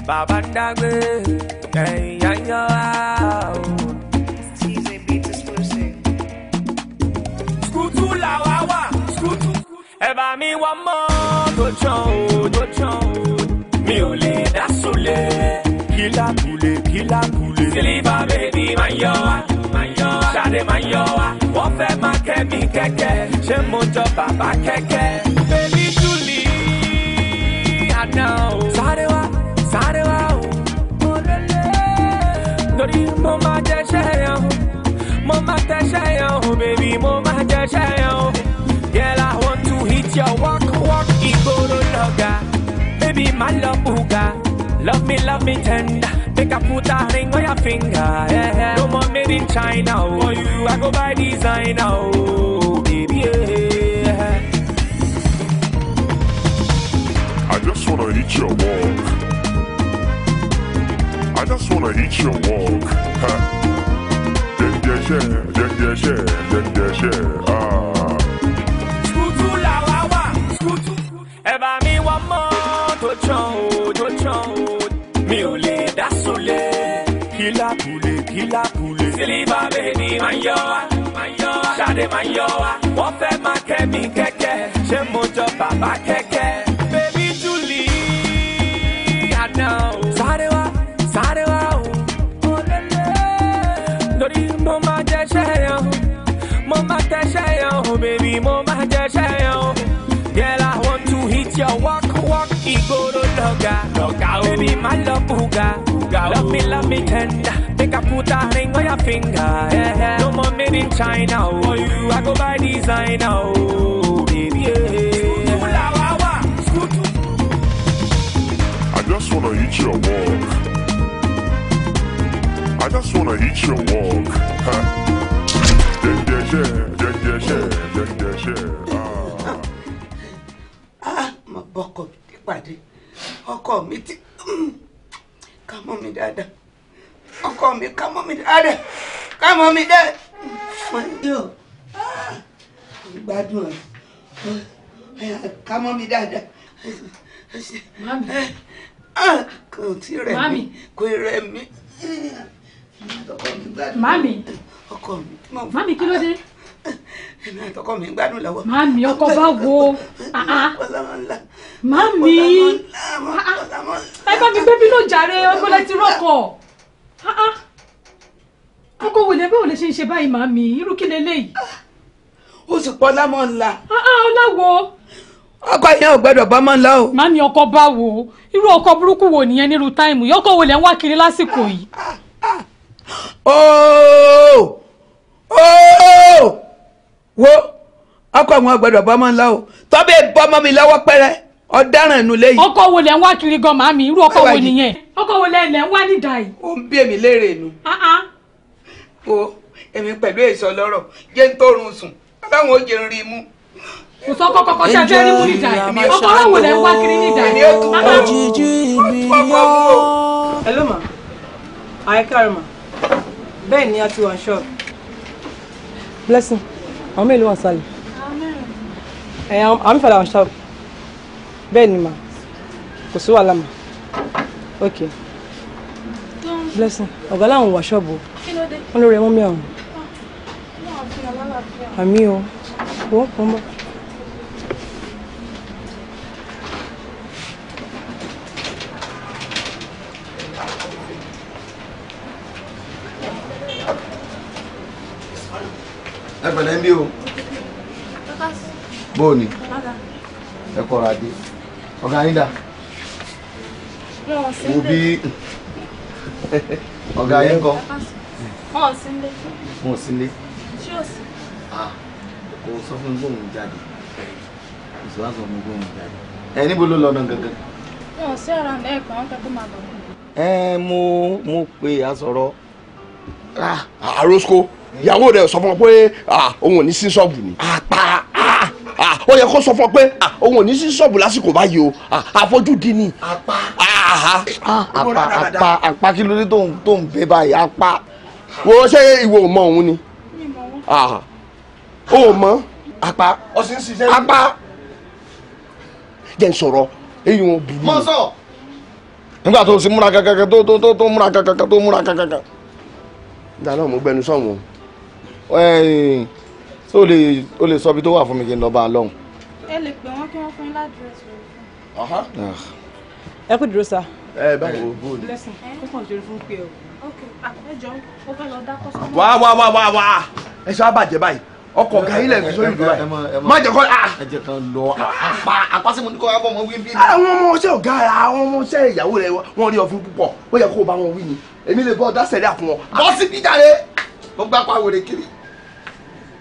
bàbá dágbé ẹ̀yìn yányán á ẹ bá mi wá mọ́ tó tán o tó tán o ẹ̀dá sólè. kílákùlé kílákùlé. sílíbà bèbí máa baby, yọ wá máa ń yọ wá. ṣáde máa ń yọ wá. wọ́n fẹ́ máa kẹ́ mi keke. ṣé mo jọ bàbá kẹ́kẹ́. bèbí júlì àná o. sáré wá sáré wá o. mo lélẹ̀. torí mo máa mo máa tẹ́ sẹ́yàn o bèbí mo máa jẹ́ sẹ́yàn o. girl I want to hit your walk walk ìgboro náà ga. my love Uga. Love me, love me tender. Make a put a ring on your finger. Yeah, yeah. No more made in China. Oh. For you, I go by designer. Oh, baby, yeah. I just wanna hit your walk. I just wanna hit your walk. Yeah, yeah, yeah, yeah, yeah, yeah, yeah, yeah. Ah. Scootu la wa wa, Eba tán o jó tán o. mi ò lè dá sólé. kílápùlé kílápùlé. sílíbà bèbí máa ń yọ wá máa ń yọ wá. ṣáde máa ń yọ wá. wọ́n fẹ́ máa kẹ́ mi kẹ́kẹ́. ṣé mo jọ bàbá kẹ́kẹ́. bèbí júlì àná o. sáré wá sáré wá o. lórí mo máa jẹ́ sẹ́yàn mo máa tẹ́ sẹ́yàn o bèbí mo máa jẹ́ sẹ́yàn o. girl I want to hit your walk goro loga, loga oh. Baby, my love, ooga, ooga Love me, love me tender Make a put a ring on your finger, yeah, yeah. No more made in China, oh For you, I go by designer, oh Baby, yeah I just wanna hit your walk. I just wanna hit your walk. Ha. Then there's yeah, then there's yeah, yeah. ah, ah my buckle pàdé ọkọ mi ti mm, ká mọ́ mi dáadáa ọkọ mi ká mọ́ mi dáadáa ká mọ́ mi dáadáa. fún ẹ o gbádùn ẹ ká mọ́ mi dáadáa. mami kò tí rẹ̀ mí kò rẹ̀ mí. mami mami kí ló dé èmi àtọkọ mi ń gbádùn lọ́wọ́. màámi ọkọ bá wo ah, ah. màámi ah, ẹ bá mi bébí ló jàre ọgbọ́lẹ̀ ti rọ́kọ̀ ọkọ wò lè bẹ́ẹ̀ ò lè ṣe ń ṣe báyìí màámi irú kí leléyìí. ó sì pọ̀ lámọ̀ ńlá. ọláwo ọkọ yẹn ò gbọ́dọ̀ bọmọ ńlá o. màámi ọkọ bá wo irú ọkọ burúkú wo nìyẹn nírú táìmù yọkọ wo lẹ ń wá kiri lásìkò yìí. ooo ooo. wo ọkọ àwọn ọgbẹdọ bọmọ ńlá o tọbẹ bọmọ mi lọ́wọ́ pẹrẹ ọ̀daràn ẹnu lẹ́yìn. ọkọ wo lẹ ń wá kiri gan màmí irú ọkọ wo nìyẹn. ọkọ wo lẹ lẹ ń wá yìí. ó ń bí èmi léèrè nu. o èmi pẹ̀lú èso lọ́rọ̀ jẹ́ ń tórun sùn káwọn ó rí kọkọ kọ mú yìí ọkọ lẹ ń wá kiri ma àwọn mélòó wà sálẹ̀ ẹ̀ àwọn mẹ́fà làwọn ṣáàbù bẹ́ẹ̀ ni mà kò sí wàhálà mà ok blessing ọ̀gá làwọn ah, wà ṣọ́ọ̀bù wọn lórí ẹ̀ mọ́mí àwọn àmì o wọ́n kàn bọ́. pẹ̀lẹ́ ń bí o bóò ni ẹ kọ́ra dé ọ̀gá yín dà wo bí ọ̀gá yín kọ́ wọn sí ilé wọn sí ilé ṣé ò sí. kò sọ fún mi bóun jáde kò sọ wá sọ fún mi bóun jáde ẹ níbo ló lọ náà gangan. wọn ò sí ara ẹ̀kọ́ àwọn kẹ́kọ̀ọ́ máa lọ. ẹ mo mo pe àsọ̀rọ̀. àròsọ ìyàwó rẹ̀ sọ fún ọ pé òun ò ní sí ṣọ́ọ̀bù ni àpá ó yẹ kó sọ fún ọ pé òun ò ní sí ṣọ́ọ̀bù lásìkò báyìí o àfojúdi ni. apá apá apá apá kí ló dé tó ń fẹ́ báyìí apá wo ṣé ìwọ ò mọ òun ni o ò mọ apá apá jẹ́ n sọ̀rọ̀ èyí wọn burú. mọ sọ. nígbà tó o sì múra kankan tó tó tó múra kankan tó múra kankan. dáná mo gbẹnu sọ̀wọ́n ṣé o lè o lè sọ ibi tó wà fún mi kí n lọ bá a lọ́hùn. ẹ lè pè wọ́n kí wọ́n fún yín ládùúrẹ́sì rẹ̀ fún. Ah. ẹ kú dúró sá. ẹ báyìí o bó o. blessing kó kàn jẹrẹ fún pé o. ok ẹ jọ ó fẹ́ lọ dá kọ́sọ́mọ́. wá wá wá wá wá ẹ ṣe wá bàjẹ́ báyìí ọkọ̀ ọ̀gá ilẹ̀ fi sórí ìdúrà má jẹ́ kọ́ ẹ̀jẹ̀ kan lọ apá apá sí mo ní kọ́ ẹ bọ́ ọmọ wí bí. àwọn ọmọ ọṣẹ ọ̀gá rẹ àwọn ọmọ ọṣẹ ìyàwó rẹ wọn rí ọfin púpọ̀ ó yẹ kó o bá wọn wí ni èmi lè bọ́ ọ̀dá sẹ̀rí àfún wọn. bọ́sì bíjà rẹ mo gbá pàwọ̀ rẹ kiri.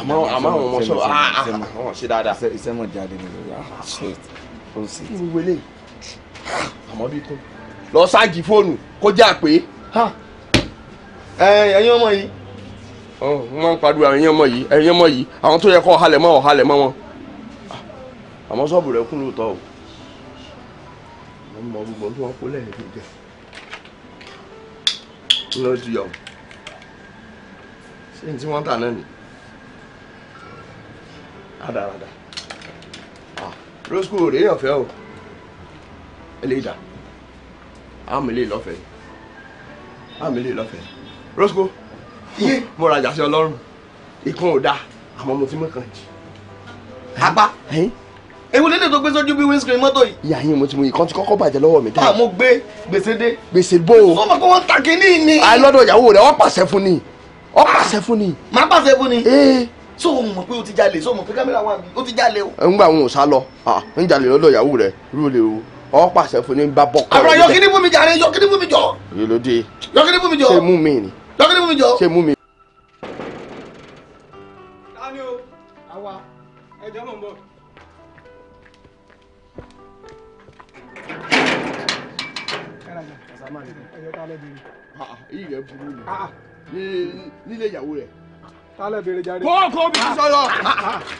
àmọ́ àmọ́ àwọn ọmọ sọ̀rọ̀ àwọn ah, ah, ṣe dáadáa. iṣẹ́ mọ̀ jáde nínú ìyá ó sì ti. ìwé lè àmọ́ bí kún. lọ ṣáàjì fóònù kó jà pé. ẹ̀yin ọmọ yìí. wọ́n máa ń pariwo ẹ̀yin ọmọ yìí ẹ̀yin ọmọ yìí àwọn tó yẹ kó ọ̀halẹ̀ mọ́ ọ̀halẹ̀ mọ́ wọn. Ah, àmọ́ sọ́ọ̀bù rẹ̀ kún lóòótọ́ o. wọ́n mọ gbogbo tí wọ́n kó lẹ́yìn tó jẹ. lọ́ọ́ ti yà ṣé ní tí wọ́n tà náà nìyí rádaràdà ah, rosco rèé ọ̀fẹ́ o I'm dà àmì lè lọ́fẹ̀ẹ́ àmì lè lọ́fẹ̀ẹ́ rosco iye mo rajà sí ọlọ́run ìkan ò dáa àmọ́ mo ti mú kan jì. apá ewu lédè tó gbé sójú bí windscreen mọ́tò yìí. ìyá yín mo ti mú ìkan tí kọ́kọ́ bàjẹ́ lọ́wọ́ mi tẹ́lẹ̀. àmọ́ ah, gbé gbèsè dé. gbèsè bò ó. wọ́n mọ̀ pé wọ́n ta kínní ni. àìlọ́dọ̀ ìyàwó rẹ̀ ó pàṣẹ fún ni ó pàṣẹ fún ni. má pàṣẹ fún ni. ee eh so o mọ̀ pé o ti jalè so o mọ̀ pé kámẹ́rà wà mí o ti jalè o. ẹ ń gbà wọn ò sá lọ ń jalè lọ́dọ̀ ìyàwó rẹ̀ rúlẹ̀ o ọ pàṣẹ fún ní bá bọ́ kọ́. àbúrò yọkíní fún mi jàre yọkíní fún mi jọ. èyí ló dé. yọkíní fún mi jọ. ṣé mú mi ni. yọkíní fún mi jọ. ṣé mú mi. tani o àwa ẹjọ mọ̀ ń bọ̀. ẹ̀yọ̀ tá a lẹ́ di. ìyẹn burú ni ah, ah. nílé ìyàwó rẹ̀ tálẹ̀ béèrè jáde. kó kó bí sísọ lọ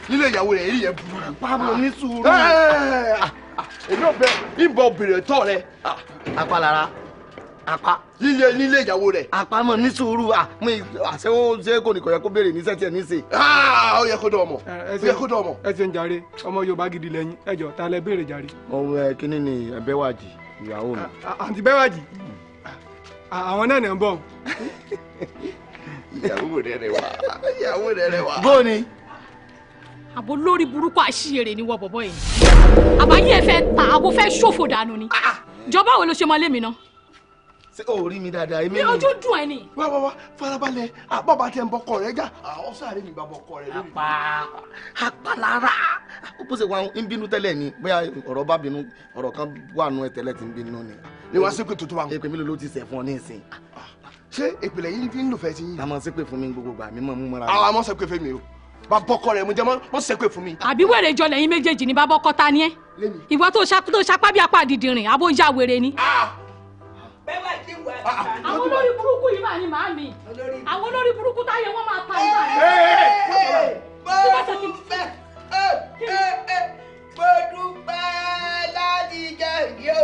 nílé ah, ah, ah, ìyàwó rẹ̀ èyí yẹn burú. pablo ní sùúrù. Eh, eh, eh, èmi ò bẹ ìbọn bèrè tọ rẹ. apá lára apá. nílé nílé ìyàwó rẹ. apá mọ ní sùúrù àmì àṣẹwó ṣé kò ní kò yẹ kó béèrè ní sẹ́tì ẹ̀ ní sè. ó yẹ kó dọ̀ ọmọ ó yẹ kó dọ̀ ọmọ. ẹ ṣe ń jàre ọmọ yorùbá gidi lẹ́yìn ẹ tálẹ̀ béèrè jàre. ọwọ́ ẹ kíní ni ẹbẹ́wàjì ìyàwó mi. àǹtí bẹ́wàjì àwọn náà ìyàwó rẹ rẹwà ìyàwó rẹ rẹwà. bó ni. àbò lórí burúkú àṣìyèrè ni wọ bọ̀bọ̀ yìí àbáyé ẹ fẹ́ ta àbò fẹ́ ṣòfò dànù ni ah, ah. jọba wo ló ṣe máa lé mi náà. ṣé o rí mi dáadáa èmi ni. mi ojú dùn ẹ ni. wá wá wá farabalẹ̀ ah, àbọ̀bà tẹ̀ ń bọkọ rẹ já ọ̀sán àrẹ mi bá bọkọ rẹ lórí. apá apalára bó ṣe wà ń bínú tẹ́lẹ̀ ni bóyá ọ̀rọ̀ bá bínú ọ̀rọ̀ kan wà nù ẹ tẹ́lẹ̀ ti ń bínú ni. ni wàá ṣépè tuntun wa. èpè mi ló ti ṣẹ̀ fún ọ ní ìsìn ṣé ìpìlẹ̀ yìí fi ń lò fẹ́ ti yín. àmọ́ ṣépè fún mi gbogbo gbà mí mọ̀ mú mọ́ra. àwọn àmọ́ ṣépè fún mi o bá bọ́kọ rẹ̀ mo jẹ́ mọ́ ṣépè fún mi. àbí wèrè jọ lẹ́yìn méjèèjì ni bá bọ́kọ ta ni ẹ́. ìwọ tó ṣapá bí apá àdìdìrìn àbó ya wèrè ni. ta. Ah! àwọn olórí burúkú yìí máa ní màámi àwọn olórí burúkú táyé wọn máa ta ìgbà mo dúpẹ́ láti jẹ́ ìdí o.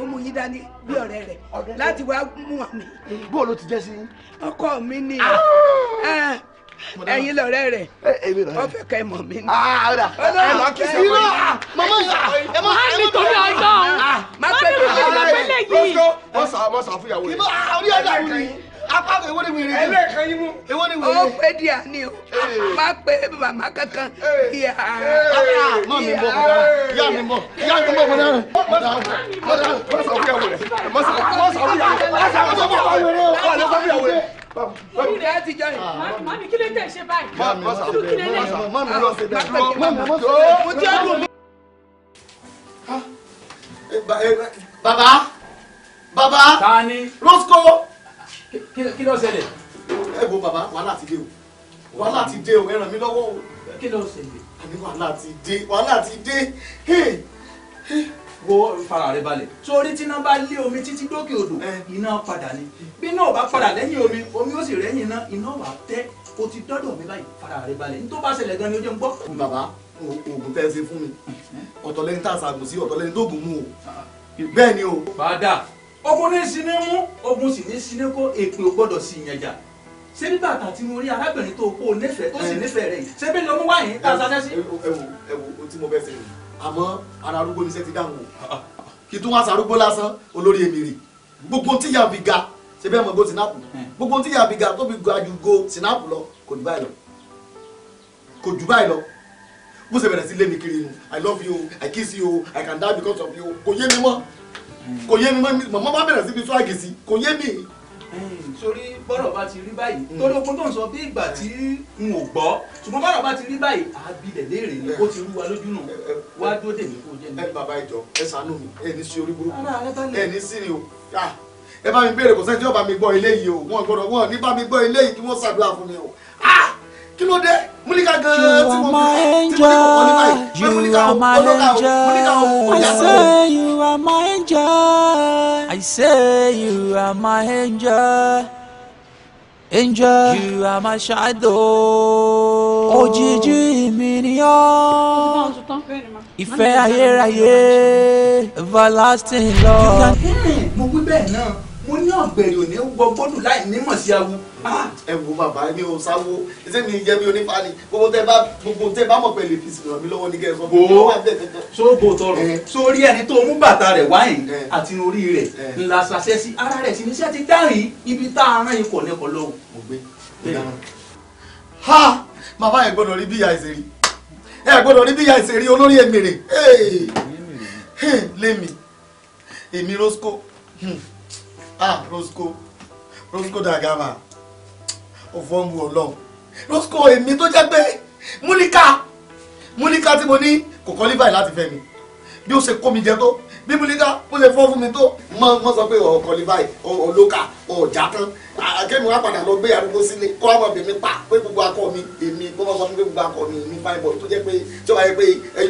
ó mú yín dání bí ọ̀rẹ́ rẹ̀ láti wá mú àmì. ló ti jẹ́ sí. ọkọ mi ni ah! eh, ẹ̀yin lọ̀rẹ́ rẹ̀ ọfẹ kẹ mọ mi ni. Ah, ẹ lọ kí sí wọn. mama ẹ mọ hàn mi torí ọjọ́ òun. Ah, má pẹ́ kí ọ̀rẹ́ rẹ̀ mọ́sọ̀ mọ́sọ̀ fún ìyàwó rẹ̀. orí ọ̀dà rẹ̀ apáwọ̀ èwo ni wèrè yìí. ẹlẹ́ẹ̀kan yín mú. èwo ni wèrè. ó pé di àní o má pé màmá kankan ìyá. má mi bọ̀ bọ̀ yá mi bọ̀ yá mi bọ̀ bọ̀ náà. má sà má sà má sà fún yàwó rẹ̀ má sà má sà fún yàwó rẹ̀ má sà má sà Mami de ati jọ yìí. Mami kí ló tẹ̀ ṣe báyìí? Mami lọ sí bẹ́ẹ̀. Mami lọ sí bẹ́ẹ̀. Mami lọ sí bẹ́ẹ̀. ti ọdún mi. Baba. Baba. Tani. Roscoe kí ló ṣẹlẹ̀. ẹ wo bàbá wàhálà ti dé o wàhálà ti dé o ẹ ràn mí lọ́wọ́ o. kí ló ṣẹlẹ̀. àní wàhálà ti dé wàhálà ti dé wo fara rẹ balẹ̀ sórí tí iná bá lé omi títí dókè odò eh. iná padà ni bí iná ò bá padà lẹ́yìn omi omi ó sì rẹ́yìn iná iná wà tẹ́ o ti dọ́dọ̀ mi báyìí fara rẹ balẹ̀ ní tó bá ṣẹlẹ̀ gan ni ó jẹ́ ń gbọ́. bàbá oògùn tẹ́ ẹ ṣe fún mi eh? ọ̀tọ̀ lẹ́ni tá a ṣàgùn sí ọ̀tọ̀ lẹ́ni tó gùn mú o ah, ah. bẹ́ẹ̀ ni o. bàdà ogun ní siné mú ogun sì ní siné kó èpè ò gbọ́dọ̀ sí ìyẹn jà ṣé bí bàtà tí mo rí arábìnrin tó kó o nífẹ̀ẹ́ tó sì nífẹ̀ẹ́ rẹ̀ yìí ṣé bí lọ́mú wá yìí tá a sáṣẹ́ sí. ẹ wo ẹ wo tí mo bẹ ṣe rè àmọ́ ara arúgbó níṣẹ́ ti dáhùn o kí tún wá sarúgbó lásán olórí èmi rè gbogbo tí yàbí ga ṣe bẹ́ẹ̀ mọ̀ go sinapu gbogbo tí yàbí ga tó fi ga ju go sinapu lọ kò jù báyìí lọ kò jù báyìí lọ bó ṣe bẹ̀rẹ̀ sí lé mi kiri nu i love you i kiss you i can die because of you kò yé mi mọ́ kò yé mi màmá bá bẹ̀rẹ̀ síbi swag sí kò yé mi. Hmm, sórí bọ́rọ̀ bá ti rí báyìí torí okun tó ń sọ bí ìgbà tí n ò gbọ́ ṣùgbọ́n bọ́rọ̀ bá ti rí báyìí àbílẹ̀ léèrè ni ó ti rú wa lójú nù wá dúró dèmí kó jẹ́ mi. ẹ bàbá ìjọ ẹ ṣàánú mi ẹ ní sí orí burúkú ẹ ní sí ni o ah, ẹ bá mi béèrè kò sẹ́ni tí yóò bá mi gbọ́ eléyìí o wọ́n gbọ́dọ̀ wọ́n ní bá mi gbọ́ eléyìí kí wọ́n ṣàdúrà fún mi o. Ah! kí ló dé múlíkà gan tí mo bí mo ní kò ní báyìí pé múlíkà ò ọlọ́kà ò múlíkà ò kò I say you are my angel. I say you are my angel. Angel, you are my shadow. Òjìji mi ni ọ́. Ìfẹ́ ayérayé, everlasting love. Mo wí bẹ́ẹ̀ náà mo ní ọ̀gbẹ̀rì ò ní wọ gbọ́dù láì nímọ̀ sí awo. Ah! ẹ wo bàbá mi ò sáwó ṣé mi jẹ́ mi onífà ni gbogbo tẹ bá gbogbo tẹ bá mọ̀ pé lè fi sìnà mi lọ́wọ́ ní kẹ́ ẹ sọ. wo so bo tọrọ sórí ẹni tó mú bàtà rẹ̀ wáyìn àti orí rẹ̀ ńlá ṣàṣẹ sí ara rẹ̀ sì ní sẹ́ ti dáhìn ibi tá a rán ikọ̀ nẹ́kọ̀ lọ́wọ́. mo gbé ha bàbá yẹn gbọ́dọ̀ rí bí ìṣèrí ẹ gbọ́dọ̀ rí bí ìyá ah rosco Roscoe Dagama ó fọ́ mu ọlọ́run Roscoe èmi tó jẹ́ pé múlíkà múlíkà tí mo ní kò kọ́ lífàì láti fẹ́ mi bí ó ṣe kó mi jẹ tó bí múlíkà ó ṣe fọ́ fún mi tó mọ mọ sọ pé ọkọ lífàì ọlọ́kà ọjà tán akẹ́mi wá padà lọ gbé arúgbó sílé kó wá mọ̀ bí mi pa pé gbogbo akọ mi èmi bó bá sọ fún pé gbogbo akọ mi èmi fine boy tó jẹ́ pé tí ó wáyé pé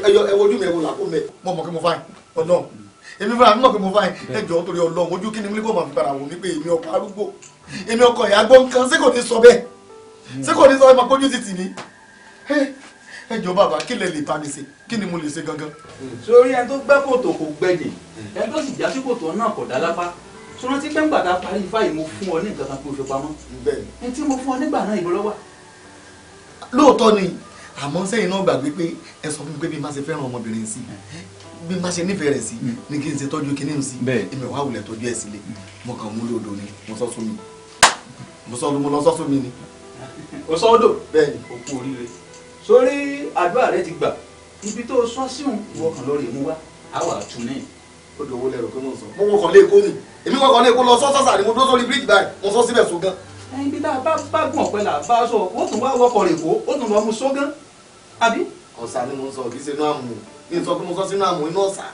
ẹyọ ẹwọ́jú mi ẹ̀wọ̀ làkó mẹ́. mo mọ̀ kí mo fine ọlọ́run èmi fúnra mi mọ̀ pé mo fáyín ẹjọ́ torí ọlọ́run ojú kí ni mílíkò máa fi padà wò mí pé èmi ọkọ arúgbó èmi ọkọ ìyá gbọ́n kan ṣé kò ní sọ bẹ́ẹ̀ hmm. ṣé kò ní sọ ẹ̀ma kójú ti tì mí ẹjọ́ bàbá kí lè lè bá mi ṣe kí ni mo lè ṣe gangan. Hmm. sórí ẹni tó gbẹ́ kòtò kò gbẹ́jì hmm. ẹni tó sì já sí kòtò náà kò dá lápá sọ̀rọ̀ tí pẹ́ ń gbàdá parí ifá yìí mo fún ọ ní nǹkan kan kí o fi pamọ́ ní tí mo fún ọ nígbà náà ìbọn lọ́wọ́. lóòótọ́ ni àmọ́ sẹ́yìn náà gbàgbé pé ẹ sọ fún mi pé bí n bá ṣe fẹ́ràn ọmọbìnrin sí bí má ṣe nífẹ̀ẹ́ rẹ̀ sí hmm. ni kí n ṣe tọ́jú kinní mi sí èmi wá wulẹ̀ tọ́jú ẹ̀ sílẹ̀ hmm. mo kàn mú lòdò ni mo sọ́ sómi mo sọ́ mo lọ sọ́ sómi ni. o sọ odò bẹ́ẹ̀ ni o kú oríire sórí àdúrà rẹ ti gbà ibi tó sọ síhùn ìwọ kan lọ rè mú wá àwa tún ní odò owó lẹrọ pé mo sọ mo wọkàn lé èkó ni èmi wọkàn lé èkó lọ sọ sọsà ni mo dúró sórí bíríìjì báyìí mo sọ síbẹ̀ sógán. ibi tá a bá bá gùn ọ̀pẹ là bá sọ ó tún wá wọkọ̀ rè kó ó tún lọ mú sógán àbí. ọ̀sà ni mo ń sọ kì í ṣe n sọ mo sọ sínú àmọ́ inú ọ̀sà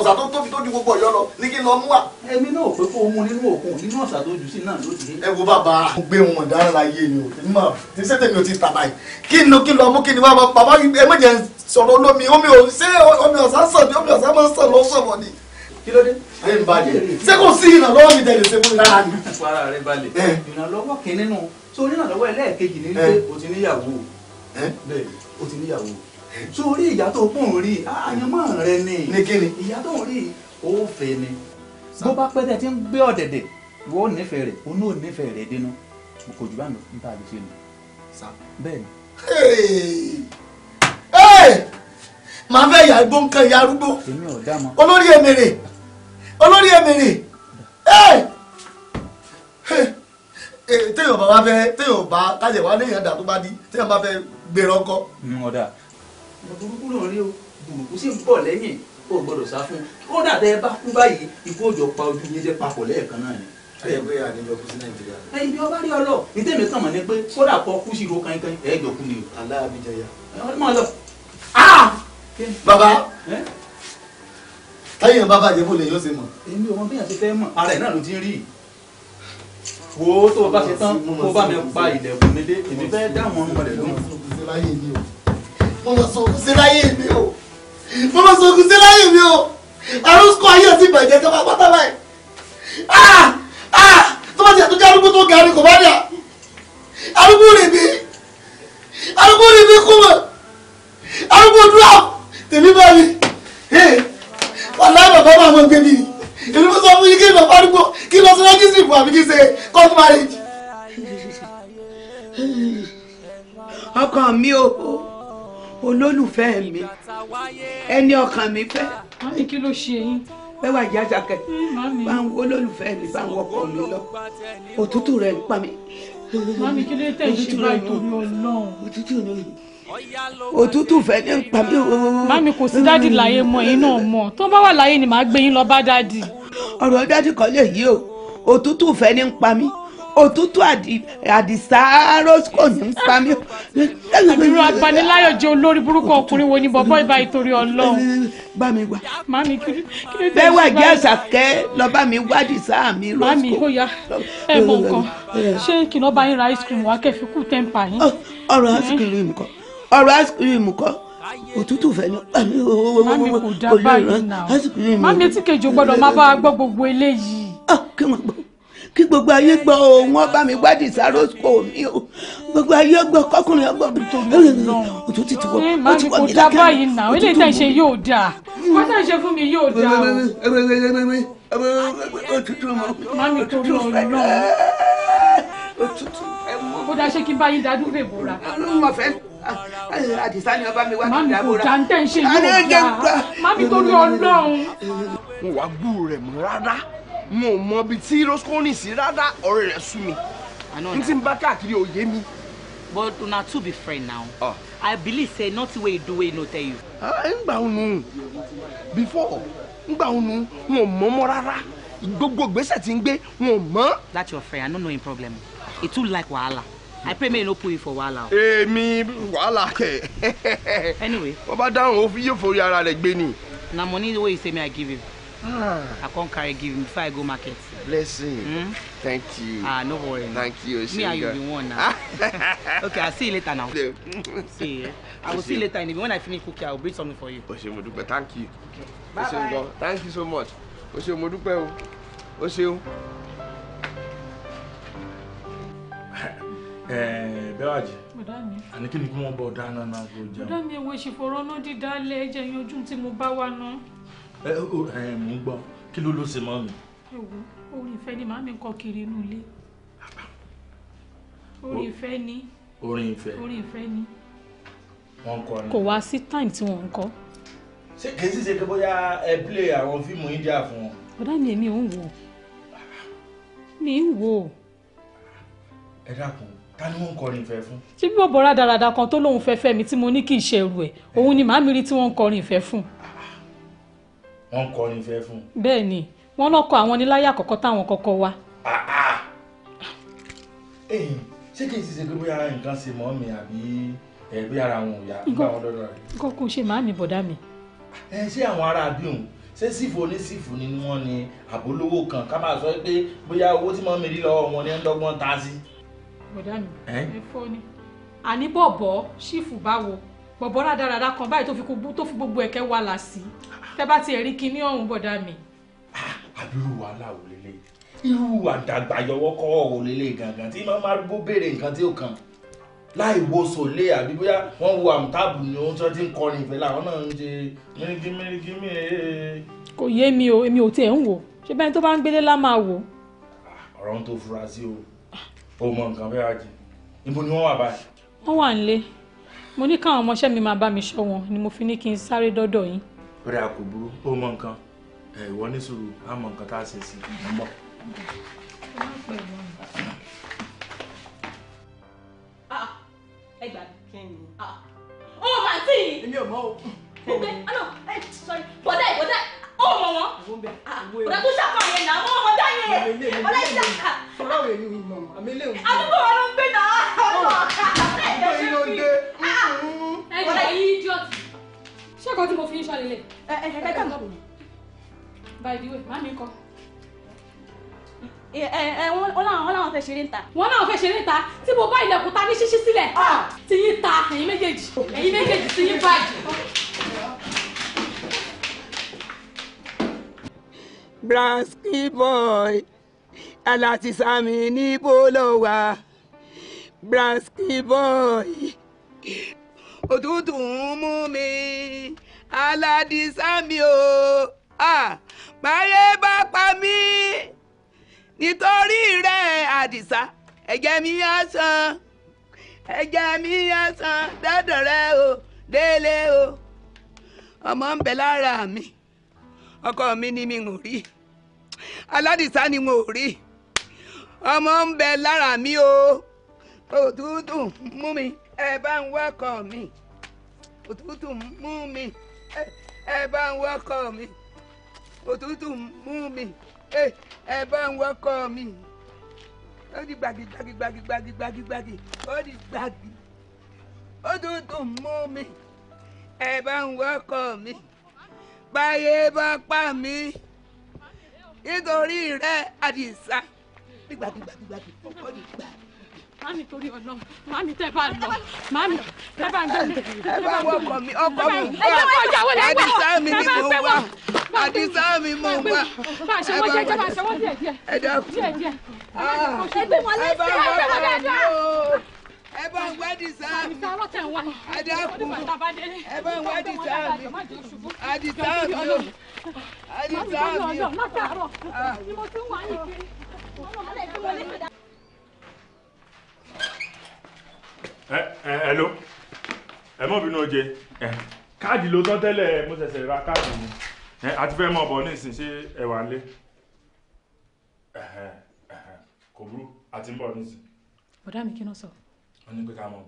ọ̀sà tó tóbi tó ju gbogbo ọ̀yọ́ lọ ní kí n lọ mú wa. èmi náà pé kó o mú nínú òkun nínú ọ̀sà tó jù sí náà lóde. ẹ wo bàbá. mo gbé wọn dáná la yé o èmi máa ti sẹ́tẹ̀ mi ò ti tàbá yìí kí n kí n lọ mú kí n wá bàbá ẹ má jẹ́ sọ̀rọ̀ olómi omi ò ṣé omi ọ̀sà sàn bí omi ọ̀sà máa ń sàn lọ́sọ̀rọ̀ ni kí ló dé. ayé ń bàjẹ́ ṣé kò sí ìrànlọ́wọ́ mi tẹ̀lé ṣe fún mi so orí ìyá tó pọ̀n rí ah, àyànmọ́ rẹ ni ní kíni ìyá tó ń rí ó fẹ́ ni bó bá pẹ́ tẹ́ ti ń gbé ọ̀dẹ̀dẹ̀ wọ́n nífẹ̀ẹ́ rẹ̀ òun náà nífẹ̀ẹ́ rẹ̀ dínú kò jù bá ń lọ nípa àbí ṣe nù bẹ́ẹ̀ ni. màá fẹ́ ìyá igbó nǹkan ìyá arúgbó olórí èmèrè olórí èmèrè téèyàn bá wá fẹ́ téèyàn bá kájẹ̀ wá léèyàn dà tó bá di téèyàn bá fẹ́ gbèrò ọkọ. ọ̀dà burúkú ló ń rí o burúkú sì ń bọ̀ lẹ́yìn kó o gbọ́dọ̀ sá fún kódà tẹ ẹ bá kú báyìí ikú òjò pa ojú yín jẹ́ papọ̀ lẹ́ẹ̀kan náà ni. ẹyẹ pé àníjọ kú sí nàìjíríà. ẹ ibi ọba rí ọlọ ní tèmi kàn mọ ni pé kódà kọ kú sí ro kankan ẹ jọ kú ni o. aláàbíjẹyà. ẹ ọdún máa lọ. Ah! bàbá táyà bàbá jẹ bó lè yọ ṣe mọ. èmi ò mọ bí àti fẹ́ mọ̀ ara ẹ̀ náà ló ti ń rí wo tó o bá ṣe tán kó o bá mi pa ilẹ̀kùn mi dé èmi fẹ́ dáhùn ọmọ rẹ̀ lóhùn mo lọ sọ sí láyé mi o mo sí láyé mi o àrùn ayé ọtí ìbàjẹ́ tó bá pátá báyìí ah! Ah! tó bá ti àtúnjẹ arúgbó tó gàrí kò bá dà arúgbó rẹ̀ mi arúgbó rẹ̀ mi kú mọ̀ arúgbó dúrà tèmi bá mi eh! wàláì bàbá máa mọ gbé mi èmi mo sọ fún yín kí bàbá arúgbó kí lọ sí rẹ́gísírì fún àbí kí ṣe court marriage ọkàn mi ò olólùfẹ́ mi ẹni ọkàn mi fẹ́. mami kí ló ṣe yín. ẹ wá ìyá àjàkẹ́ bá ń wo olólùfẹ́ mi bá ń wọkọ̀ mi lọ òtútù rẹ̀ ń pa mi. mami kí ló tẹ̀ ṣe báyìí torí ọlọ́run. òtútù ni òtútù fẹ́ ní pa mí. mami kò sí dádì láyé mọ́ yín náà tó bá wà láyé ni màá gbé yín lọ bá dádì. ọ̀rọ̀ dádì kan lè yí o òtútù fẹ́ ní pa mí òtútù àdìsá rosco ní ń pa mí. àbírò agbaniláyọ̀ jẹ́ olórí burúkú ọkùnrin wo ni bọ̀bọ́ ìbá ìtorí ọlọ́run. bá mi wá mami kiri kiri tẹ̀sí báyìí. bẹ́wà jẹ́ àṣàkẹ́ lọ bá mi wá àdìsá mi rosco. mami ó yá ẹ mọ nǹkan ṣé kìnnà bá yín ra ice cream wá kẹfì kú tẹ́ǹpà yín. ọ̀rọ̀ ice cream kọ́ ọ̀rọ̀ ice cream kọ́ òtútù fẹ́ ní olóòrán ice cream. mami etí kejì ò gbọ́dọ̀ máa bá a gbọ́ gbogbo eléyìí. kí wọ́n gbọ́ kí gbogbo ayé gbọ́ o wọ́n mi wádìí sáró kò mí o gbogbo ayé gbọ́ kọkùnrin ọgbọ́ mi tó lórí mi o tó ti ti wọ o ti wọ mi lákàtà o ti tó mi yóò dà wọ́n tẹ̀ ṣe fún mi yóò dà o. òtútù mọ òtútù fẹ́rẹ́ òtútù ẹ mọ. kí n bá yín dájú rè bóra. àdìsá ni ọba mi wá kí n dábòrà. mami kò jàǹtẹ̀ ń ṣe yóò dà mami tó lọ lọ́hùn. n wàá gbúrò rẹ̀ mọ́ rárá mo mọ ibi tí roscoe ní sí rárá ọ̀rẹ́ rẹ̀ sú mi n ti n bá káàkiri òye mi. but una too be friend now. Uh. i believe say nothing wey you do wey you no tell you. ngbà ah, ònu before ngbà ònu wọn ò mọ mọ rárá gbogbo gbèsè tí ń gbé wọn mọ. that's your friend i no know him problem o too like wahala i pray may you no put you for wahala. èmi wàhálà kẹ. anyway. bàbá dáhùn yóò forí ara rẹ̀ gbé ni. na money wey you say may i give you. Ah. I can't carry give him before I go market. Blessing. Mm? Thank you. Ah, no worry. Thank you. Me and you be one now. okay, I'll see you later now. see you. I will see you later And the When I finish cooking, I will bring something for you. Oṣemodupe, thank you. Bye bye. Thank you so much. Oṣemodupe o. O ṣeun. Eh, Bẹ́wàjì. Bọ̀dá mi. Àní kí ni kí wọ́n bọ̀ dáná náà tó jẹun? Bọ̀dá mi, ewé ṣìfọ̀rọ̀ náà dídá lé ẹ̀jẹ̀ yanjú tí mo bá wà náà ẹ ẹ mò ń gbọ́ kí ló ló ṣe mọ́ mi. ewu orin ìfẹ́ ni màmí kọ kiri inú ilé orin ìfẹ́ ni orin ìfẹ́ orin ìfẹ́ ni. wọ́n kọ ni. kò wá sí time tí wọ́n ń kọ. ṣé kì í sì ṣe pé bóyá ẹ play àwọn fíìmù India fún wọn. ọ̀dà ni èmi ò ń wò mi ń wò. ẹ dákun ta ni wọ́n ń kọrin ìfẹ́ fún. tí bọ̀bọ̀ rádaràda kan tó lóun fẹ́ fẹ́ mi tí mo ní kì í ṣe ẹrù ẹ̀ òun ni màmí rí tí wọ́n ń kọrin ìfẹ́ fún wọ́n kọ́ ni fẹ́ fún. bẹ́ẹ̀ ni wọ́n lọ́kọ àwọn níláyà àkọ́kọ́ táwọn kọ́kọ́ wá. ẹ̀yin ah, ah. eh, ṣé kí n ṣe ṣe pé bóyá nǹkan ṣe mọ́ mi àbí ẹ̀gbé eh, ara wọn ò yá nígbà wọn dọ́dọ̀ rẹ̀. nǹkan kò ṣe màámi bọ̀dá mi. ẹ eh, ṣé àwọn ará abíhùn ṣé sífù oníṣífù ni wọ́n ni àbólówó kan ká máa sọ pé bóyá owó tí mọ́mí rí lọ́wọ́ wọn ni ń dọ́gbọ́n ta sí. bọ̀dá mi ẹ fọ́ ni àní bọ̀bọ̀ sífù báwo bọ̀bọ̀ rádaràda kan báyìí tó fi gbogbo ẹ̀kẹ́ wà lásì tẹ bá ti rí kinní ọ̀hún bọ̀dá mi. àbúrò wàhálà wò lélẹ̀ irú àdàgbàyọwọ́ kọ́ wò lélẹ̀ gangan tí màmá arúgbó béèrè nǹkan tí ó kàn láì wo sòlé àbí bóyá wọ́n wo àmútàbù ni ohun tí wọ́n ti ń kọrin ìfẹ́ làwọn náà ń ṣe mẹ́rìndín mẹ́rìndín mẹ́rìndín. kò yé mi o èmi ò tiẹ̀ ń wò ṣé bẹ́ẹ̀ tó bá ń gbélé lá máa wò. Ah, ọ̀rọ̀ ń tó fura sí o ó mọ nǹkan fẹ́ wájú ibo ni wọ́n wà báyìí. wọ́n wà ń lé mo ní káwọn ọmọọṣẹ́ mi máa bá mi ṣọ́ wọn ni mo fi ní kí n sáré dọ́dọ̀ yín rẹ kò burú ó mọ nǹkan ìwọ ní sùúrù á mọ nǹkan tá a ṣe sí i mọ. Ah, ẹ gbà kí ni. Ah, ó mà tí. èmi ò o. ó gbé ọ̀nà ẹ sọrí bọ́dá ẹ bọ́dá ó mọ wọn. bọ́dá tó ṣàkọ yẹn náà mọ yìí ah, mm-hmm. idiot ṣé ẹ̀kọ́ tí mo fi ń ṣàlélẹ̀. ẹ ẹ ẹ ẹ ẹ wọn làwọn wọn làwọn fẹ́ ṣeré níta. wọn làwọn fẹ́ ṣeré níta tí mo bá ilẹ̀kùn ta ní ṣíṣí sílẹ̀. Ah! ti yín ta ẹ̀yin méjèèjì ẹ̀yin méjèèjì ti yín báyìí. Braski boy, aláti sami níbo ló wà? Braski boy òtútù ń mú mi aládìsá mi o báyé bá pa mí nítorí rẹ̀ àdìsá ẹ̀jẹ̀ mi á san ẹ̀jẹ̀ mi á san dọ́dọ̀ rẹ o délé o ọmọ ń bẹ lára mi ọkọ mi ni mi ò rí aládìsá ni mo rí ọmọ ń bẹ lára mi o òtútù mú mi ẹ bá ń wọkọ mi òtútù mú mi ẹ bá ń wọkọ mi òtútù mú mi ẹ bá ń wọkọ mi ó di gbagi gbagi gbagi gbagi gbagi gbagi ó di gbagi òtútù mú mi ẹ bá ń wọkọ mi báyé bá pa mí nítorí rẹ àdìsá gbagi gbagi gbagi ó di gbagi mami torí ọ̀nà mami tẹ́ bá lọ mami tẹ́ bá ń gbé mi. ẹ bá wọ ọkọ mi ọkọ mi ń bọ̀ àdìsá mi ni mo wà àdìsá mi mo wà. bá a ṣe wọ́n jẹ́jẹ́ bá a ṣe wọ́n díẹ̀ díẹ̀. ẹ dákun díẹ̀ díẹ̀. ẹ bí wọn lé sí ẹ bá wọn lé sí ẹ bá ń wádìí sáàmì ẹ dákun ẹ bá ń wádìí sáàmì àdìsáàmì o àdìsáàmì o. Eh, eh, hello ẹ mọ̀ oje eh. káàdì ló tán tẹ́lẹ̀ mo ṣẹ̀ṣẹ̀ ra káàdì mi àti fẹ́ mọ̀ bọ̀ ní ìsìn ṣé lé kò burú ti ń bọ̀ ní sọ. wọ́n ní pé ká mọ̀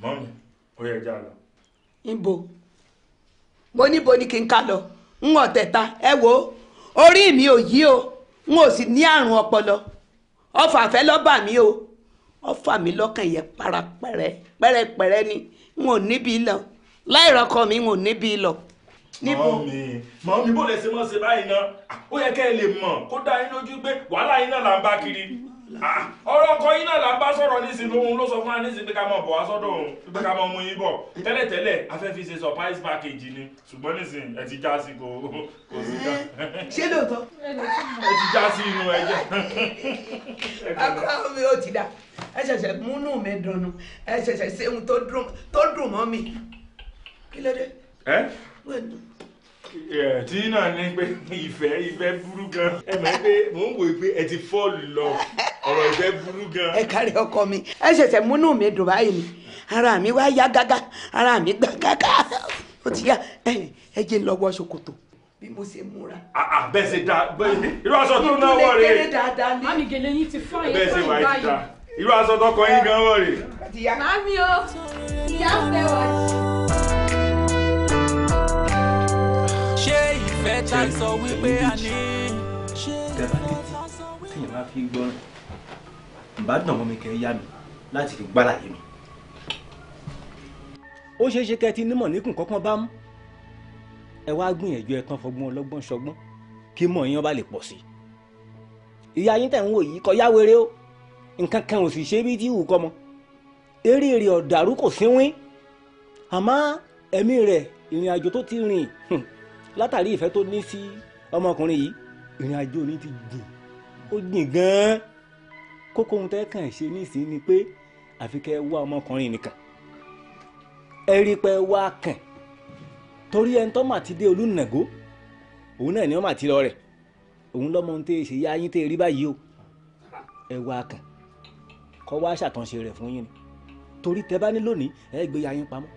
bọ̀ ó yẹ já lọ. ibo mo níbo ni kí n ká lọ tẹ̀ta ẹ wo orí mi ò yí o n ò sì ní àrùn ọpọlọ ọfà bà mí o. ó fà mí lọ́kàn yẹn parapẹ̀rẹ̀ pẹ̀rẹ̀pẹ̀rẹ̀ ni n ò níbi lọ láìrọ́kọ mi n ò níbi lọ níbo mọ̀mí mọ̀mí bó lè ṣe mọ̀ ṣe báyìí náà ó yẹ kẹ́ ẹ lè mọ̀ kó dá yín lójú pé wàhálà yín náà là ń bá kiri ọ̀rọ̀ ọkọ yín náà là ń bá sọ̀rọ̀ nísìnyí lóhun ló sọ fún wa nísìnyí pé ká máa bọ̀ wá sọ́dọ̀ òun pé ká máa mú yín bọ̀ tẹ́lẹ̀tẹ́lẹ̀ afẹ́fi ṣe surprise package ni ṣùgbọ́n nísìnyí ẹ ti já sí kò kò sí já. ṣé lóòótọ́. ẹ ti já sí inú ẹ jẹ. akọ mi ò ti dà ẹ ṣẹ̀ṣẹ̀ múnú mi dùnú ẹ ṣẹ̀ṣẹ̀ ṣe tó dùn mọ́ mi kí ló dé. ẹ tí náà ní pé ìfẹ́ ìfẹ́ burú gan ẹ mọ̀ pé mò ń wòye pé ẹ ti fọ́ọ̀lù lọ ọ̀rọ̀ ìfẹ́ burú gan. ẹ kárí ọkọ mi ẹ ṣẹ̀ṣẹ̀ múnú mi dùn báyìí ni ara mi wá yá gágá ara mi gbà gágá ó ti yá ẹ jẹ́ lọ́wọ́ ṣòkòtò bí mo ṣe múra. bẹ́ẹ̀ ṣe da. irú aṣọ tó ń náwó rè é mami gèlè yín ti fọ́ yẹn fún ìgbà yìí irú aṣọ tó kọ yín gan wọ̀ rè é. mami o ìyá fẹ́ wọ̀ yìí. bẹ́tà sọ wípé a ní. téèyàn bá fi gbọ́ ìbádàn mọ́ mi kẹ́ yá mi láti fi gbálàyé mi. ó ṣeé ṣe kẹ́ ẹ ti nímọ̀ níkùn kọ́kàn bá mú ẹ wá gbìyànjú ẹ kàn fọgbọ́n ọlọ́gbọ́n ṣọgbọ́n kí mọ̀ yín ọba lè pọ̀ sí i. ìyá yín tẹ̀ ń wò yìí kọjá wéré o nǹkan kan ò sì ṣe bí tí ìwù kọ́ mọ́ eré rẹ̀ ọ̀dàrú kò síwín àmọ́ ẹ̀mí rẹ̀ ìrìn àjò tó ti rìn látàrí ìfẹ́ tó ní sí ọmọkùnrin yìí ìrìn àjò ní ti jìn ó jìn gan-an kókó ohun tẹ́ kàn ṣe nísìnyí ni pé àfi kẹ́ ẹ wá ọmọkùnrin nìkan ẹ rí pé ẹ wá kàn torí ẹni tó mà ti dé olùnàgó òun náà ni wọ́n mà ti lọ rẹ̀ òun lọ́mọ ohun tẹ́ ẹ ṣe yá yín tẹ́ ẹ rí báyìí o ẹ wá kàn kọ́ wá ṣàtúnṣe rẹ̀ fún yín ni torí tẹ́ bá ní lónìí ẹ gbé ya yín pamọ́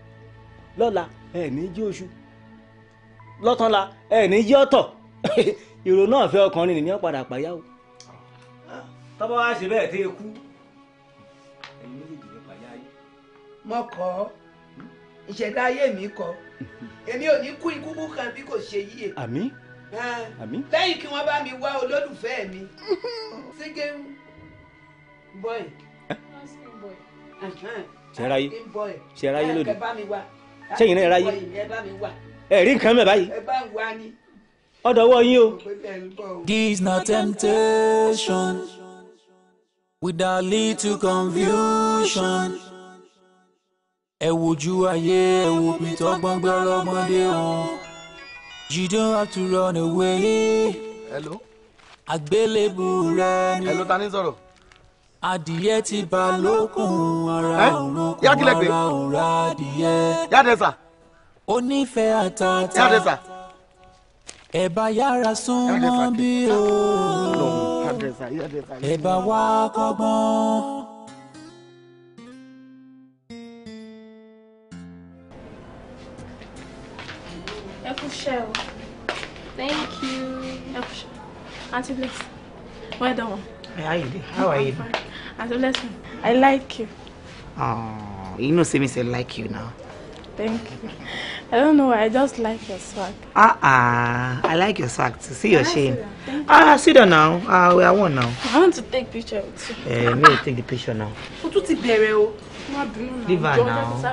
lọ́la ẹ ní jí oṣù lọ́tọ́la ẹ ní yí ọ̀tọ̀ ìrònú ọ̀fẹ́ ọkùnrin nìyẹn padà pàyàwó tọ́bọ̀ wá ṣe bẹ́ẹ̀ tí ì kú mo kọ ìṣẹ̀dá ayé mi kọ èmi ò ní kú ikú búkan bí kò ṣe yíyè. àmín lẹ́yìn kí wọ́n bá mi wá olólùfẹ́ mi sígé bọ́ì. ṣe ráyé ṣe ráyé lóde ṣẹ́yìn náà ráyé ẹ̀rí nǹkan mẹ́ báyìí. ẹ bá ń wá ní. ọ̀dọ̀ ọwọ́ yín o. This na temptation without little confusion. ẹ wojú ayé ẹ wo pìtọ́ gbọ́ngbẹ́ ọlọ́mọdé o. You don't have to run away. Hello. àgbélébù rẹ ni. Hello, ta ni sọ̀rọ̀ adìyẹ ti bá lókun ara òrùn kún ara òrùn adìyẹ. yáde sà onífẹ́ àtàtà ẹ bá yára súnmọ́ bí o ẹ bá wá kọ́gbọ́n. ẹ kú iṣẹ́ o thank you ẹ kú iṣẹ́ bless well done. Hey, how you doing? How are you? Aunty bless me I like you. Oh, you know say me say like you now thank you. I don't know I just like your swag. Ah, uh ah, -uh, I like your swag too. See your shame. Ah, sit down now. Ah, uh, are one now. I want to take picture with you. Eh, me take the picture now. Ó tún ti bẹ̀rẹ̀ Leave her now. That's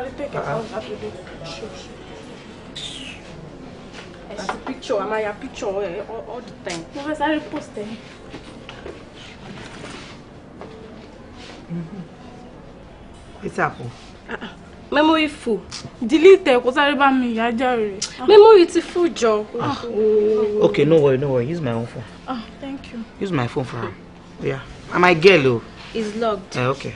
ah, ah. a picture. Am I a picture all, the time? Professor, I post them. Mm-hmm. What's up? Uh-uh memory full. delete ẹ kó sáré bá mi ìyá jàre. Ah. memory ti full jọ. Ah. Ah. okay no worry no worry use my own phone. Oh, thank you. use my phone for am. Yeah. am i girl o. Oh. Is locked. Uh, okay.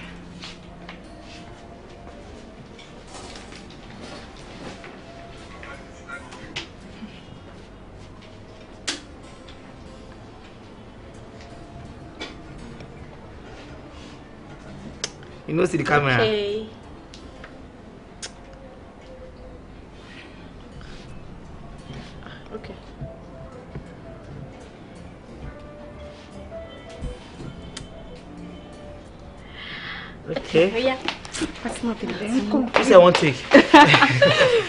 You know, see the camera. Okay. Okay. Oh, yeah. That's not it. You say one take. okay.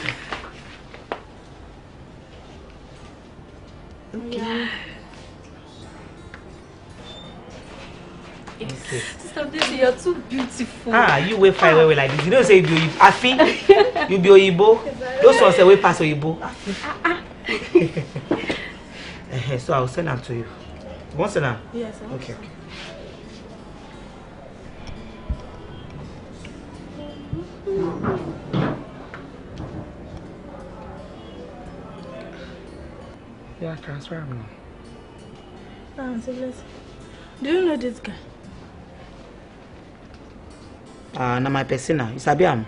Yeah. Okay. Sister you are too beautiful. Ah, you way fine ah. way like this. You don't say you be Oyibo. Afi, you be Oyibo. Those ones say way pass Oyibo. Afi. Ah, ah. so will send them to you. You want send them? Yes. Sir. Okay. Okay. Yeah, transfer him ah, now. do you know this guy? Ah, uh, na my persona, You sabi am?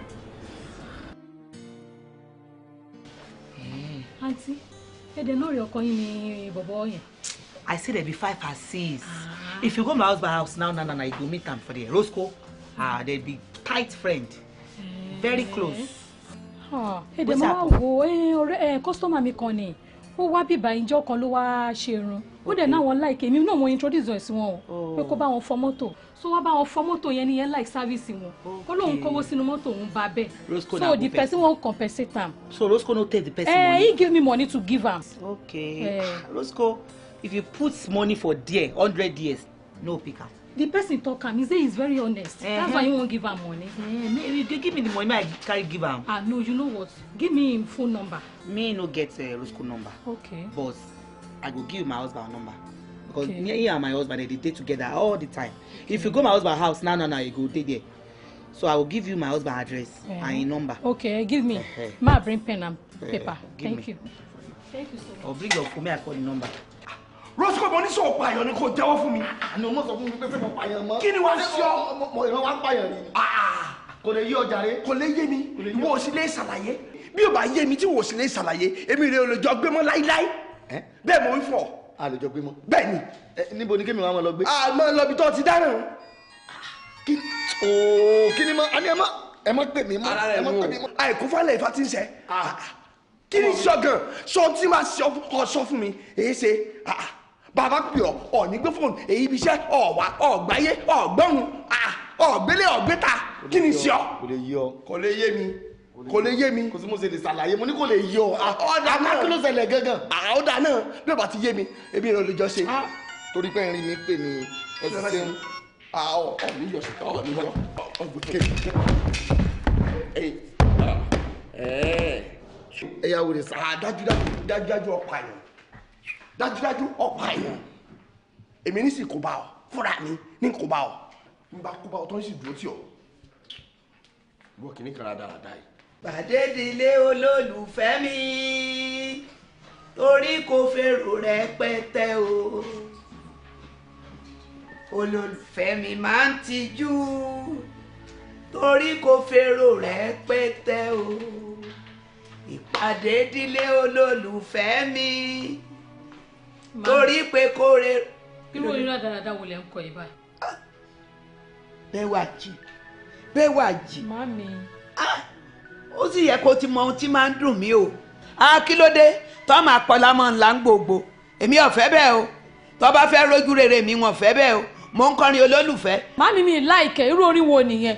Eh. Auntie, hey, eh, they know you're calling me Bobo I say there be five or six. Ah. If you go my house by house now, now, now, you go meet them for the Roscoe, ah, uh, they be tight friend. Very eh. close. hey, the mama wo, eh, customer mi kan ó wá bíbá ìjọ kan ló wáá ṣe irun ó dẹ̀ náà wọn láìké èmi náà mo introduce ẹ̀ sí wọn o oh. pé kó bá wọn fọ mọ́tò so wá bá wọn fọ mọ́tò yẹn nìyẹn láì sáfíìsì wọn ó lóun kówó sínú mọ́tò òun bá bẹ́ẹ̀ so the person wan compensate am. so Rosco, no take the person eh, money. he give me money to give am. okay eh. Rosco, if you put money for there hundred years no pick am the person talk am he say he is very honest uh -huh. that's why he wan give am money. Uh, eh, dey give me the money make i carry give am. ah no you know what give me him phone number. me no get uh, eh, roscoe number. okay but i go give my husband number because okay. me and my husband dey dey together all the time okay. if you go my husband house now now now you go dey there so i will give you my husband address uh eh. -huh. and him number. okay give me uh -huh. ma bring pen and paper uh -huh. thank me. you. thank you so much. or oh, bring your phone make i call the number rosco mo ní sọ pààyàn ni kò jẹ́wọ́ fún mi. àná ah, mo sọ fún mi pé fẹ́ mo pààyàn mọ́. kí ni wàá sí ọ. mo ìran wa ń pààyàn ni. Ah, ah. kò lè yí ọjà rẹ. kò lè yé mi ìwọ ò sì lè ṣàlàyé bí o bá yé mi tí o ò sì lè ṣàlàyé èmi rẹ ò lè jọ gbé mọ́ láíláí. bẹ́ẹ̀ mo wí fún ọ. a lè jọ gbé mọ́. bẹ́ẹ̀ni. níbo ni kémi wàá máa lọ gbé. a máa lọ bí tó ti dáràn. kí ni ma ani ẹ ma ẹ ma pè mí mọ́. ara rẹ mú o àìkú falẹ̀ ìfà ti ń sẹ́ kí ni sọ gan sọ tí ma sọ fún mi èé ṣe bàbá pè ọ́ ọ̀ní gbé fóònù èyí ibi iṣẹ́ ọ̀wá ọ̀gbáyé ọ̀gbọ́hùn ọ̀gbélé ọ̀gbéta kí ni sí ọ. kò lè yé ọ. kò lè yé mi kò lè yé mi. kò sí mo ṣe lè ṣàlàyé mo ní kò lè yé ọ. ọ̀dà náà àkàkí ló ṣẹlẹ̀ gángan. ọ̀dà náà bí o bá ti yé mi ebi rẹ olùjọ ṣe. Ah. torí pé irin mi pè mí ẹ ti ṣe ń ọ mi yọ ṣùgbọ́n ọ mi yọ ọgbọ kéèké. ẹ ẹ ẹ yà wò lè sá dájúdájú dájúdájú ọ̀pá yẹn dájúdájú ọ̀pá èèyàn èmi ní sì kó bá ọ fúnra mi ní kó bá ọ n bá kó bá ọ tó ń sì dúró tì ọ. ìwọ kìíní kan rádaràda yìí. bàdédìlé olólùfẹ́ mi torí kò fèrò rẹpẹtẹ o olólùfẹ́ mi máa ń tijú torí kò fèrò rẹpẹtẹ o ìpàdé ìdílé olólùfẹ́ mi torí pé kóore. irú onírà dáradára wo lẹ ń kọ yìí báyìí. Ah! Bẹ́wàjì Bẹ́wàjì. Mami. Ah! ó sì yẹ kó ti mọ ohun tí máa ń dùn mí o. Ah, kí ló dé tó máa mọ́ ńlá ń gbogbo èmi ò fẹ́ bẹ́ẹ̀ o tó bá fẹ́ rójú rere mi wọn fẹ́ bẹ́ẹ̀ o mo ń kọrin olólùfẹ́. Mami mi láìkẹ́ irú orin wo nìyẹn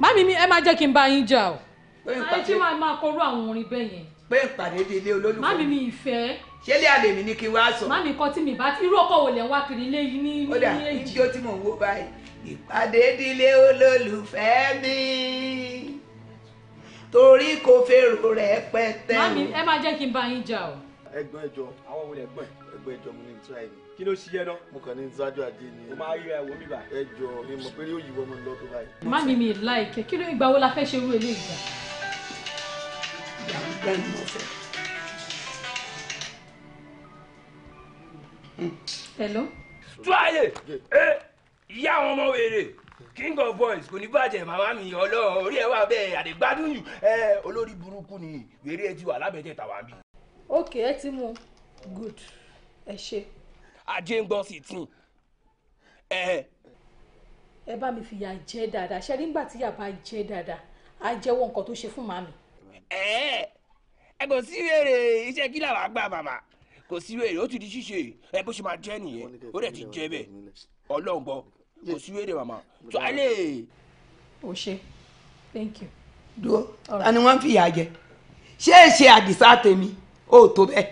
Mami mi ẹ má jẹ́ kí n bá yín jà o. pé ayé tí wàá máa kọrú àwọn orin bẹ́ẹ̀ yẹn. pé n pàdé délé olólùfẹ́. Mami mi ìfẹ́ ṣé lé àlè mi ni kí n wá sọ. má mi kọ tí mi bá ti irú ọkọ wò lẹ ń wá kiri ilé yìí ní ní èjì. ó dà níjó tí mò ń báyìí ìpàdé ìdílé olólùfẹ́ mi torí kò fèrò rẹ̀ pẹ́tẹ́. má ẹ má jẹ́ kí n bá yín jà o. ẹ̀gbọ́n ẹjọ àwọn wo lè gbọn ẹ̀gbọ́n ẹjọ mo ní n tíra ẹni. kí ló ṣiyẹ náà. mo kàn ní n ṣáájú ni. mo máa rí ẹwọ mi bá. ẹjọ mi mọ pé yóò yíwọ mo lọ tó báyìí. má mi mi láìkẹ kí ló ìgbà wo la fẹ́ ṣe irú eléyìí gbà. ìyàwó bẹ́ẹ̀ ni mo fẹ́. Mm. hello. tuwaye eh? ìyá àwọn ọmọ wèrè king of boys kò ní bàjẹ́ màmá mi ọlọ́run orí ẹ wà bẹ́ẹ̀ àdégbádùn yìí ẹ olórí burúkú ni wèrè ẹ ti wà lábẹ́jẹ́ tàwa mi. ok ẹ ti mú good ẹ ṣe. ajé ń gbọ́ sí tì ẹ. ẹ bá mi fìyà jẹ dáadáa ṣe nígbà tí yàrá bá jẹ dáadáa á jẹ́wọ́ nǹkan tó ṣe fún màmí. ẹ ẹ kò sí wèrè iṣẹ́ kí làwọn àgbà màmá kò sí wèrè ó ti di ṣíṣe ẹ bó ṣe máa jẹ́ nìyẹn ó dẹ̀ ti jẹ́ bẹ́ẹ̀ ọlọ́run gbọ́ kò sí wèrè màmá tó a o ṣe thank you. dúró ta ni wọ́n ń jẹ ṣé é ṣe àdìsá tèmi ó tó bẹ́ẹ̀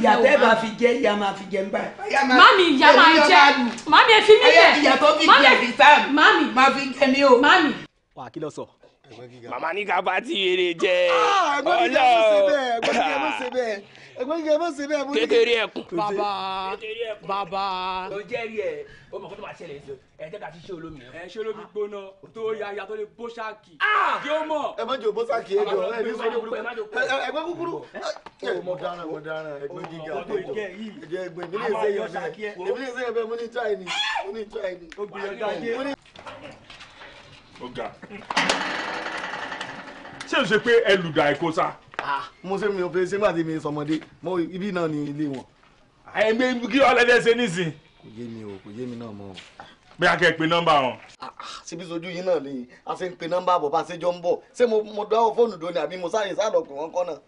ìyá tẹ́ bá fi jẹ́ ìyá máa fi jẹ́ ń báyìí. mami ìyá máa jẹ́ mami efi mi bẹ̀ ìyá tó máa fi jẹ́ mi o. wà á kí lọ sọ màmá ní ká bá ti eré jẹ ọlọ́ọ̀ ah, ẹgbẹ́ gíga ló ṣe bẹ́ẹ̀ ẹgbẹ́ gíga ló ṣe bẹ́ẹ̀ ẹgbẹ́ gíga má ṣe bẹ́ẹ̀ mú ní. kékeré ẹkùn. bàbá bàbá. o jẹ́rìí ẹ̀ o mọ̀ kó tó máa ṣẹlẹ̀ sí o ẹ̀ jẹ́ ká ti ṣe olómi yẹn. ẹ ṣe olómi gbóná tó ya ya tó lè bó ṣáàkì. yóò ah! mọ̀. ẹ má jò bó ṣáàkì ẹ jọ ẹ ní sọ́jọ́ burúkú ẹgbẹ́ kúkúrú. mo dáná mo dáná ẹgbẹ́ gíga tó tó ẹjẹ ẹgbẹ́ mi lè ṣe yọ bẹ́ẹ̀ mi lè ṣe yọ bẹ́ẹ̀ mo ní tíráì ni mo ní tíráì ni. ó ga ṣé o ṣe pé ẹ lùdà ẹ̀kọ́ sá. Ah, mo ṣe mi o fẹ́ ṣe nígbà tí mi sọmọdé mo ibi náà ni ilé wọn. Ah, ẹgbẹ́ kí ọlẹ́dẹ̀ ṣe nísìn. kò yé mi o kò yé mi náà mọ́ o. bí a kẹ́ pe nọ́mbà wọn. Ah, síbi sojú yìí náà ni a ṣe ń pe nọ́mbà bọ̀ bá a ṣe jọ ń bọ̀ ṣé mo dáwọ́ fóònù dóni àbí mo sáyè sáà lọ́kùn wọn kọ́ náà.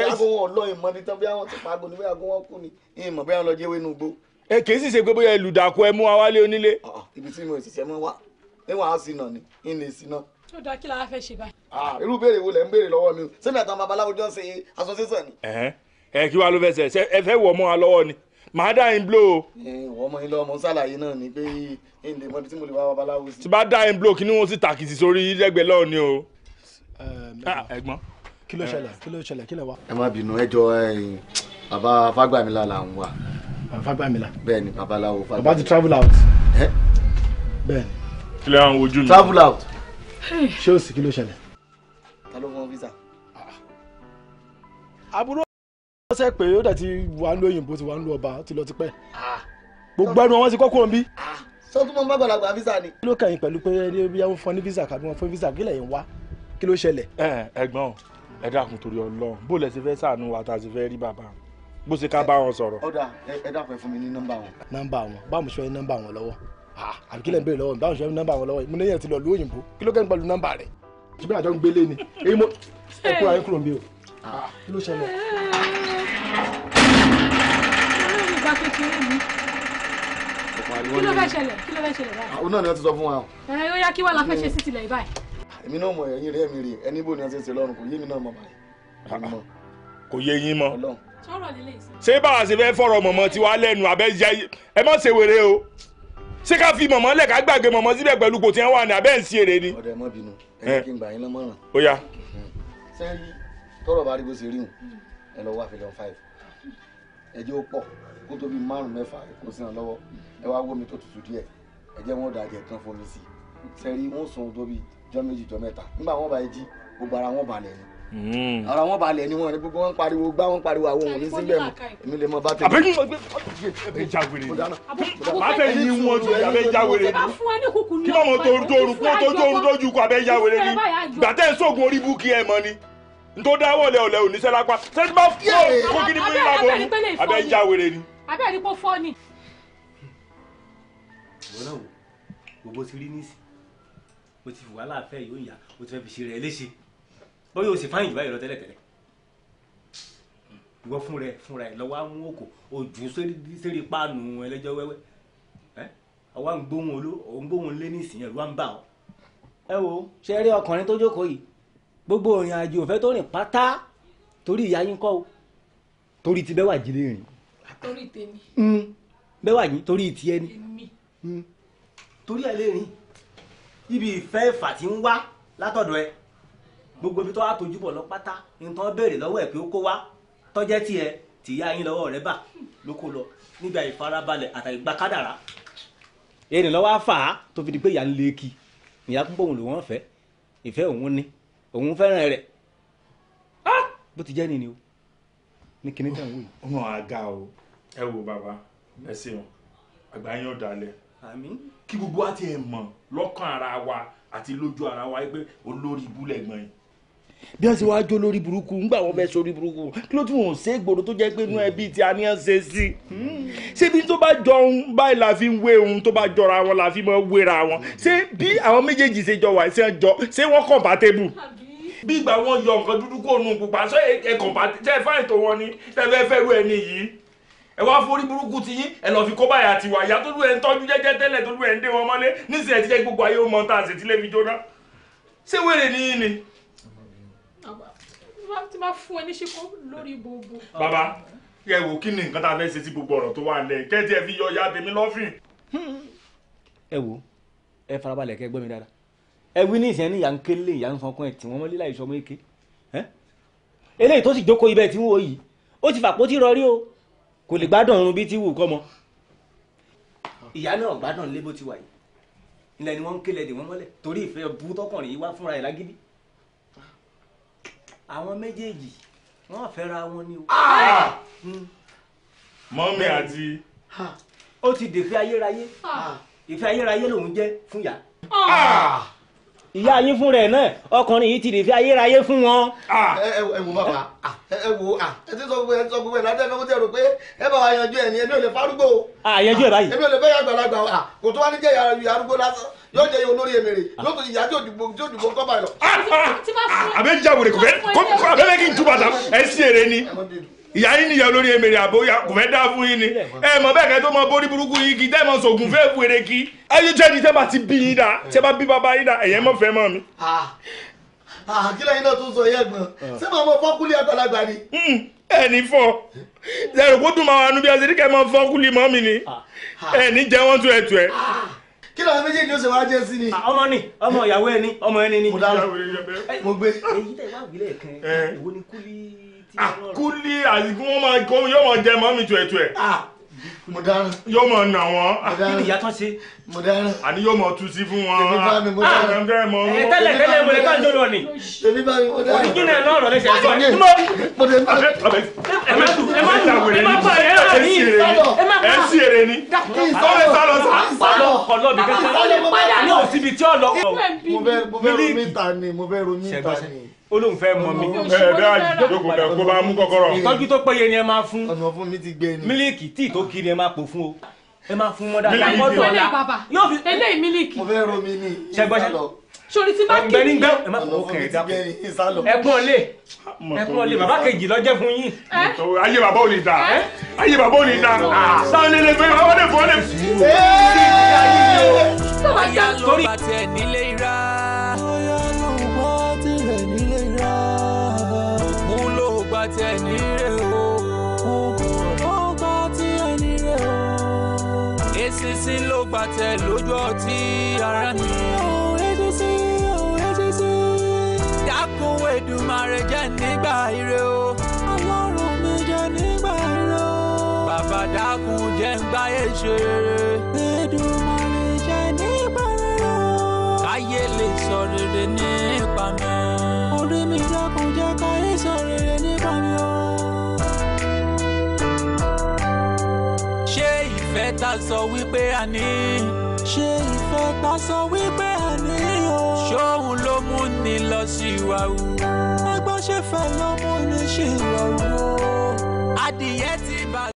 aago wọn lọ ìmọ̀ ní tán bí àwọn ti pa aago ní bí aago wọn kú ni ìmọ̀ bí wọn lọ jẹ́wé inú igbó. ẹ kì í sì ṣe pé bóyá ìlùdàkú ẹ mú wa wálé onílé. ibi tí mo ìṣiṣẹ́ mọ́ wá níwọ̀n á ó dá kí la fẹ́ ṣe báyìí. Ah, irú béèrè wo lẹ ń béèrè lọ́wọ́ mi o sẹ́mi àtàwọn babaláwo jọ ń ṣe association ni. ẹ kí wàá ló fẹsẹ̀ ṣe ẹ fẹ́ wọ̀ ọmọ wa lọ́wọ́ ni màá dá yín blow o. ìwọ ọmọ yín lọ́mọ ṣàlàyé náà ni pé ẹ lè mọ ibi tí mo lè wá babaláwo sí. tí bá dá yín blow kí ni wọ́n sì tàkìtì sórí lẹ́gbẹ̀ẹ́ lọ́ọ̀ ni o. Ah, ẹ̀gbọ́n kí ló ṣẹlẹ̀ kí ló ṣẹlẹ̀ kí lè wá. ẹ má bínú ẹ jọ bàbá fagbamila là ń wà. fagbamila. bẹ́ẹ̀ni babaláwo fagbamila. bàbá ti travel out. bẹ́ẹ̀ni. kí travel out ṣé òsì kí ló ṣẹlẹ̀. ta ló mọ visa. Ah. àbúrò ọ̀sẹ̀ pé ó dẹ̀ ti wà ń lo òyìnbó ti wà ń lo ọba ti lọ ti pẹ́ ah. gbogbo ẹnu wọn ti kọ́kọ́ ń bí. sọ fún mọ gbàgbà visa ni. kí ló kàn yín pẹ̀lú pé bí wọ́n fún ní visa kàbí wọ́n fún visa kí lẹ́yìn wá kí ló ṣẹlẹ̀. ẹ ẹ̀gbọ́n ẹ dákun torí Ọlọ́run bó lẹ ti fẹ́ ṣàánú wa tá a ti fẹ́ rí bàbá bó ṣe ká bá wọn sọ̀rọ̀. ọ̀dà ẹ dákun ẹ fún mi ní nọ́mbà wọn. nọ́mbà wọn báwo ṣe nọ́mbà wọn lọ́wọ́ àbí kí lẹ́ ń béèrè lọ́wọ́ mi báwo ṣe ń nọ́mbà wọn lọ́wọ́ mi lẹ́yìn ẹ̀ ti lọ lu òyìnbó kí ló kẹ́ ń pẹ̀lú nọ́mbà rẹ̀ ṣùgbọ́n àjọ ń gbélé ni èyí mo ẹ kúrò ayé kúrò mi o kí ló ṣẹlẹ̀. kí ló fẹ́ ṣẹlẹ̀ kí ló fẹ́ ṣẹlẹ̀ báyìí. o náà ni wọ́n ti sọ fún wa. ẹ ó yá kí wàá la fẹ́ ṣe sí tilẹ̀ yìí báyìí. èmi náà mọ ẹyin rẹ mi rè ẹni bò ní ọsẹ ṣe lọ́rùn kò yé mi náà mọ báyìí. kò yé yín mọ́. ṣé báwa ṣe fẹ́ fọ̀rọ̀ mọ̀mọ́ tiwa lẹ́nu àbẹ́ ẹ mọ̀ ṣe wèrè o ṣé ká fi mọ̀mọ́ lẹ̀ ká gbàgbé mọ̀mọ́ síbẹ̀ pẹ̀lú kò tí wọ́n wà ní abẹ́ ń sí èrè ni. ọ̀dẹ̀ mọ́ bínú ẹ̀yìn eh. kí n gbà yín lọ́mọ́ràn. ó yá. sẹ́yìn tọrọ bá rí bó ṣe rí hùn ẹ lọ wá fílíọ̀n five ẹ jẹ́ ó pọ̀ kó tóbi márùn mẹ́fà kó sí wọn lọ́wọ́ ẹ wá wómi tó tutù díẹ̀ ẹ jẹ́ wọn dà jẹ tán fomi sí i sẹ́yìn wọ́n sùn tóbi jọ́ méjì jọ́ mẹ́ta nígbà wọn bá yẹ jí gbogbo ara wọn balẹ̀ ni Hmm. ara wọn balẹ̀ ni wọn ni gbogbo wọn pariwo gbá wọn pariwo àwọn òun ní síbẹ̀ mọ́ èmi lè mọ bá tẹ̀lé. àbẹ́ni ẹ jáwèrè máa fẹ́ yí wọn tó yà bẹ́ ni kí lọ́mọ tó tóoru kó tó tóoru lójú kó abẹ́ jáwèrè ni gbàtẹ́ ìṣògùn orí búkì ẹ̀ mọ́ ni ntọ́ dáwọ́ lẹ́ ọ̀lẹ́ òní sẹ́ni bá fún ọ kó kí ni bí lábọ̀ ni abẹ́ jáwèrè ni. abẹ́ ẹ̀rí kó fọ́ ni. bọ́lá wo gbogbo ti rí nísì o ti fi wàhálà fẹ́ yóò yá o ti fẹ́ fi ṣe rẹ̀ léṣe bóyá o sì fáyìn jù lọ tẹ́lẹ̀ tẹ́lẹ̀ ìwọ fún rẹ fúnra ẹ lọ́wọ́ àwọn òkò ojú sórí páànù ẹlẹ́jọ́ wẹ́wẹ́ ẹ àwa ń gbóhùn olú òun gbóhùn lé ní ìsìn ẹ̀rú wa ń bà ọ́. ẹ wo ṣe rí ọkùnrin tó jókòó yìí gbogbo ìrìn àjò òfẹ́ tó rìn pátá torí ìyá yín kọ́ o torí ti bẹ́wà jílé rìn. torí tèmi. Hmm. bẹ́wà yín torí ti ẹni. Hmm. torí ẹ lè rìn ibi ìfẹ́ ìfà tí ń wá látọ̀dọ̀ ẹ gbogbo ibi tó wá tójú bọ̀ lọ pátá nǹkan béèrè lọ́wọ́ ẹ̀ pé ó kó wá tọ́jẹ́ tiẹ̀ tìyá yín lọ́wọ́ rẹ̀ bà ló kó lọ nígbà ìfarabalẹ̀ àtàgbà kádàrá. ẹnì lọ́wọ́ àfà tó fi di pé ìyá ń lé kí ìyá púpọ̀ òun ló wọ́n fẹ́ ìfẹ́ òun ni òun fẹ́ràn rẹ̀ bó ti jẹ́ nìyí o ní kinní tẹ̀ ń wò yìí. ó hàn àga o ẹ wo bàbá ẹ ṣeun àgbà yín ọ̀dàlẹ̀ kí gbogbo wa ti ẹ̀ mọ̀ lọ́kàn ara wa àti lójú ara wa pé olórí ibú lẹ̀gbọ́n yìí bí wọ́n ṣe wá jó lórí burúkú ńgbà wọ́n fẹ́ sórí burúkú kí ló tún wọn ṣe gbòòrò tó jẹ́ pé inú ẹbí tí a ní ẹ̀ ṣe sí. ṣébi tó bá jọ ohun báyìí la fi ń wé ohun tó bá jọra wọn la fi máa wéra wọn ṣé bí àwọn méjèèjì ṣe jọ wà ṣé wọ́n compatible bí ìgbà wọn yọ nǹkan dúdú kó nu pupa ṣé ẹ compatible ṣé ẹ fáìn tó wọn ni ṣé ẹ fẹ́ fẹ́ rú ẹni yìí ẹ wá forí burúkú ti yín ẹ lọ fi kó báyà tiwa ìyá tó lù ẹ ń tọ́jú jẹ́jẹ́ tẹ́lẹ̀ tó lù ẹ ń dé wọn mọ́lé nísìnyẹ ti jẹ́ gbogbo ayé ó mọ tá a sì ti lé fi jóná ṣé wèrè ni ni ti máa fún ẹ ní ṣíkó lórí gbogbo. Baba ẹ wò kí ni nǹkan tá a fẹ́ ṣe sí gbogbo ọ̀rọ̀ tó wà lẹ̀ kẹ́tì ẹ fi yọ ìyá tèmi lọ́fìn. ẹ wo ẹ farabalẹ̀ kẹ́ gbọ́ mi dáadáa ẹ wí ní ìsẹ́ni ìyá ń kélé ìyá ń fọkàn ẹ̀ tí wọ́n mọ́lé láì sọmọ èké eléyìí tó sì jókòó ibẹ̀ tí ń wo yìí ó ti fàpó tí rọrí o kò lè gbádùn ọrùn bí ti wù kọ́ mọ. ìyá náà gbádùn lébó ti wà yìí ilẹ̀ ni wọ́n ń kélé ẹ̀dẹ̀ wọ́n mọ́lẹ̀ torí ìfẹ́ bú tọkùnrin yìí wá fúnra ẹ̀ lágídí àwọn méjèèjì wọ́n fẹ́ra wọn ni o. Ah! Hmm. mọ́mí àti. ó ti dèfẹ́ ayérayé ìfẹ́ ayérayé lòun jẹ́ fún yà. Ah! Ah! ìyá yín fún rẹ̀ náà ọkùnrin yìí ti dèfẹ́ ayérayé fún wọn. ẹ ẹ wò bàbá ẹ wo à ẹ ti sọ gbogbo ẹ ti sọ gbogbo ẹ ládé ẹnáwó tẹ rò pé ẹ bá wa yanjú ẹ ní èmi o. à yanjú ẹ báyìí. èmi ò lè fẹ́ o à kò tó wá ní jẹ́ yàrá arúgbó lásán yóò jẹ́ yóò lórí èmi rè yóò tó ìyá tí ò dùgbò tí ò dùgbò kọ́ báyìí lọ. àbẹ jáwèrè kò fẹ́ kó àbẹ bẹ kí n túbà tán ẹ sí èrè ni ìyá yín nìyẹn lórí èmi rè àbò kò fẹ́ dá fún yín ni ẹ mọ bẹ́ẹ̀ kẹ́ tó mọ borí burúkú yín kí tẹ́ mọ sògùn fẹ́ fún èrè kí. ayé jẹ́ ni tẹ́ bá ti bí yín dá tẹ́ bá bí bàbá yín dá ẹ̀yẹ́ mọ̀ fẹ́ mọ́ mi àkílẹ̀ ah, yín náà tún sọ yẹ́ gbọ́n ah. ṣé màá mọ fọ́kúlì àgbàlagbà ni. Hmm, ẹni fọ ẹrù kó dùn máa wà nú bí ẹsẹ kíkẹ́ máa fọ́kúlì mọ́ mi ni ah, ẹni jẹ́ wọ́n tú ẹ̀ tú ẹ̀. kí lóun méjèèjì ó ṣe wáá jẹ sí ni. ọmọ ni ọmọ ìyàwó ẹni ọmọ ẹni ni. mo dára mo gbé. Eh, èyí tẹ̀ wá wílẹ̀ kan ìwọ eh. ni kúlí. kúlí àti kí wọ́n máa jẹ mọ́ mi tú ẹ̀ tú ẹ̀ mo dáràn. yóò mọ̀ nà wọ́n. mo dáràn kí ni ìyá tán ṣe. mo dáràn. àní yóò mọ̀ tu sí fún wọn. èmi bá mi mo dáràn. Ah, ẹ tẹ́lẹ̀ tẹ́lẹ̀ mo lè ká ń jọlọ ni. èmi bá mi mo dáràn. òní jìnnà náà rọ̀ lẹ́sẹ̀ sọ. mo dé bá mi. ẹ má tu ẹ má tu ẹ má pa ẹ rà ní ẹ má pa ẹ sí èrè ni. sọlẹ sálọ sá. sálọ kọlọ bí kankan. sálọ padà náà síbi tí ó lọ. mo fẹ́ ro mí ta ni mo fẹ́ ro mí ta ni ó lóun fẹ́ mọ mi. ẹ bẹ́ẹ̀ àjòkò bẹ̀ kó bá mú kọ́kọ́rọ́. ìtọ́jú tó péye ni ẹ máa fún. ọ̀nà fún mi ti gbé ni. mílíìkì tíì tó kiri ẹ máa pò fún o ẹ máa fún mọ́dà láì mọ́tò ọ̀la yóò fi eléyìí mílíìkì. mo fẹ́ romi ni ìsálọ. sori ti bá kiri. ọ̀gbẹ́ni gbẹ́ ẹ má fọ ọkẹ́ ẹ dákun ẹ̀gbọ́n lé ẹ̀gbọ́n lé bàbá kejì lọ́jẹ́ fún yín. ayé bàbá ò lè dà ayé bàbá ò lè dà ah, sáwọn ilé lè fẹ́ wọ́n lè fọ́ lè fún. tó bá jẹ́ torí. APC ló gbàtẹ lójú ọtí ara mi. APC APC dákun Èdùmàrè jẹ́ nígbà ire o. ọlọ́run mi jẹ́ nígbà ire o. bàbá dákun jẹ́ ń gbáyé ṣe rere. Èdùmàrè jẹ́ nígbà rere o. káyé lè sọ rere nípa mi. orí mi dákun jẹ́ káyé sọ rere. ìfẹ́ ta sọ wípé a ní. ṣé ìfẹ́ ta sọ wípé a ní o. ṣóun ló mú ni lọ sí ìwà wù. ẹgbọ́n ṣe fẹ́ ló ni sí ìwà o. adìyẹ ti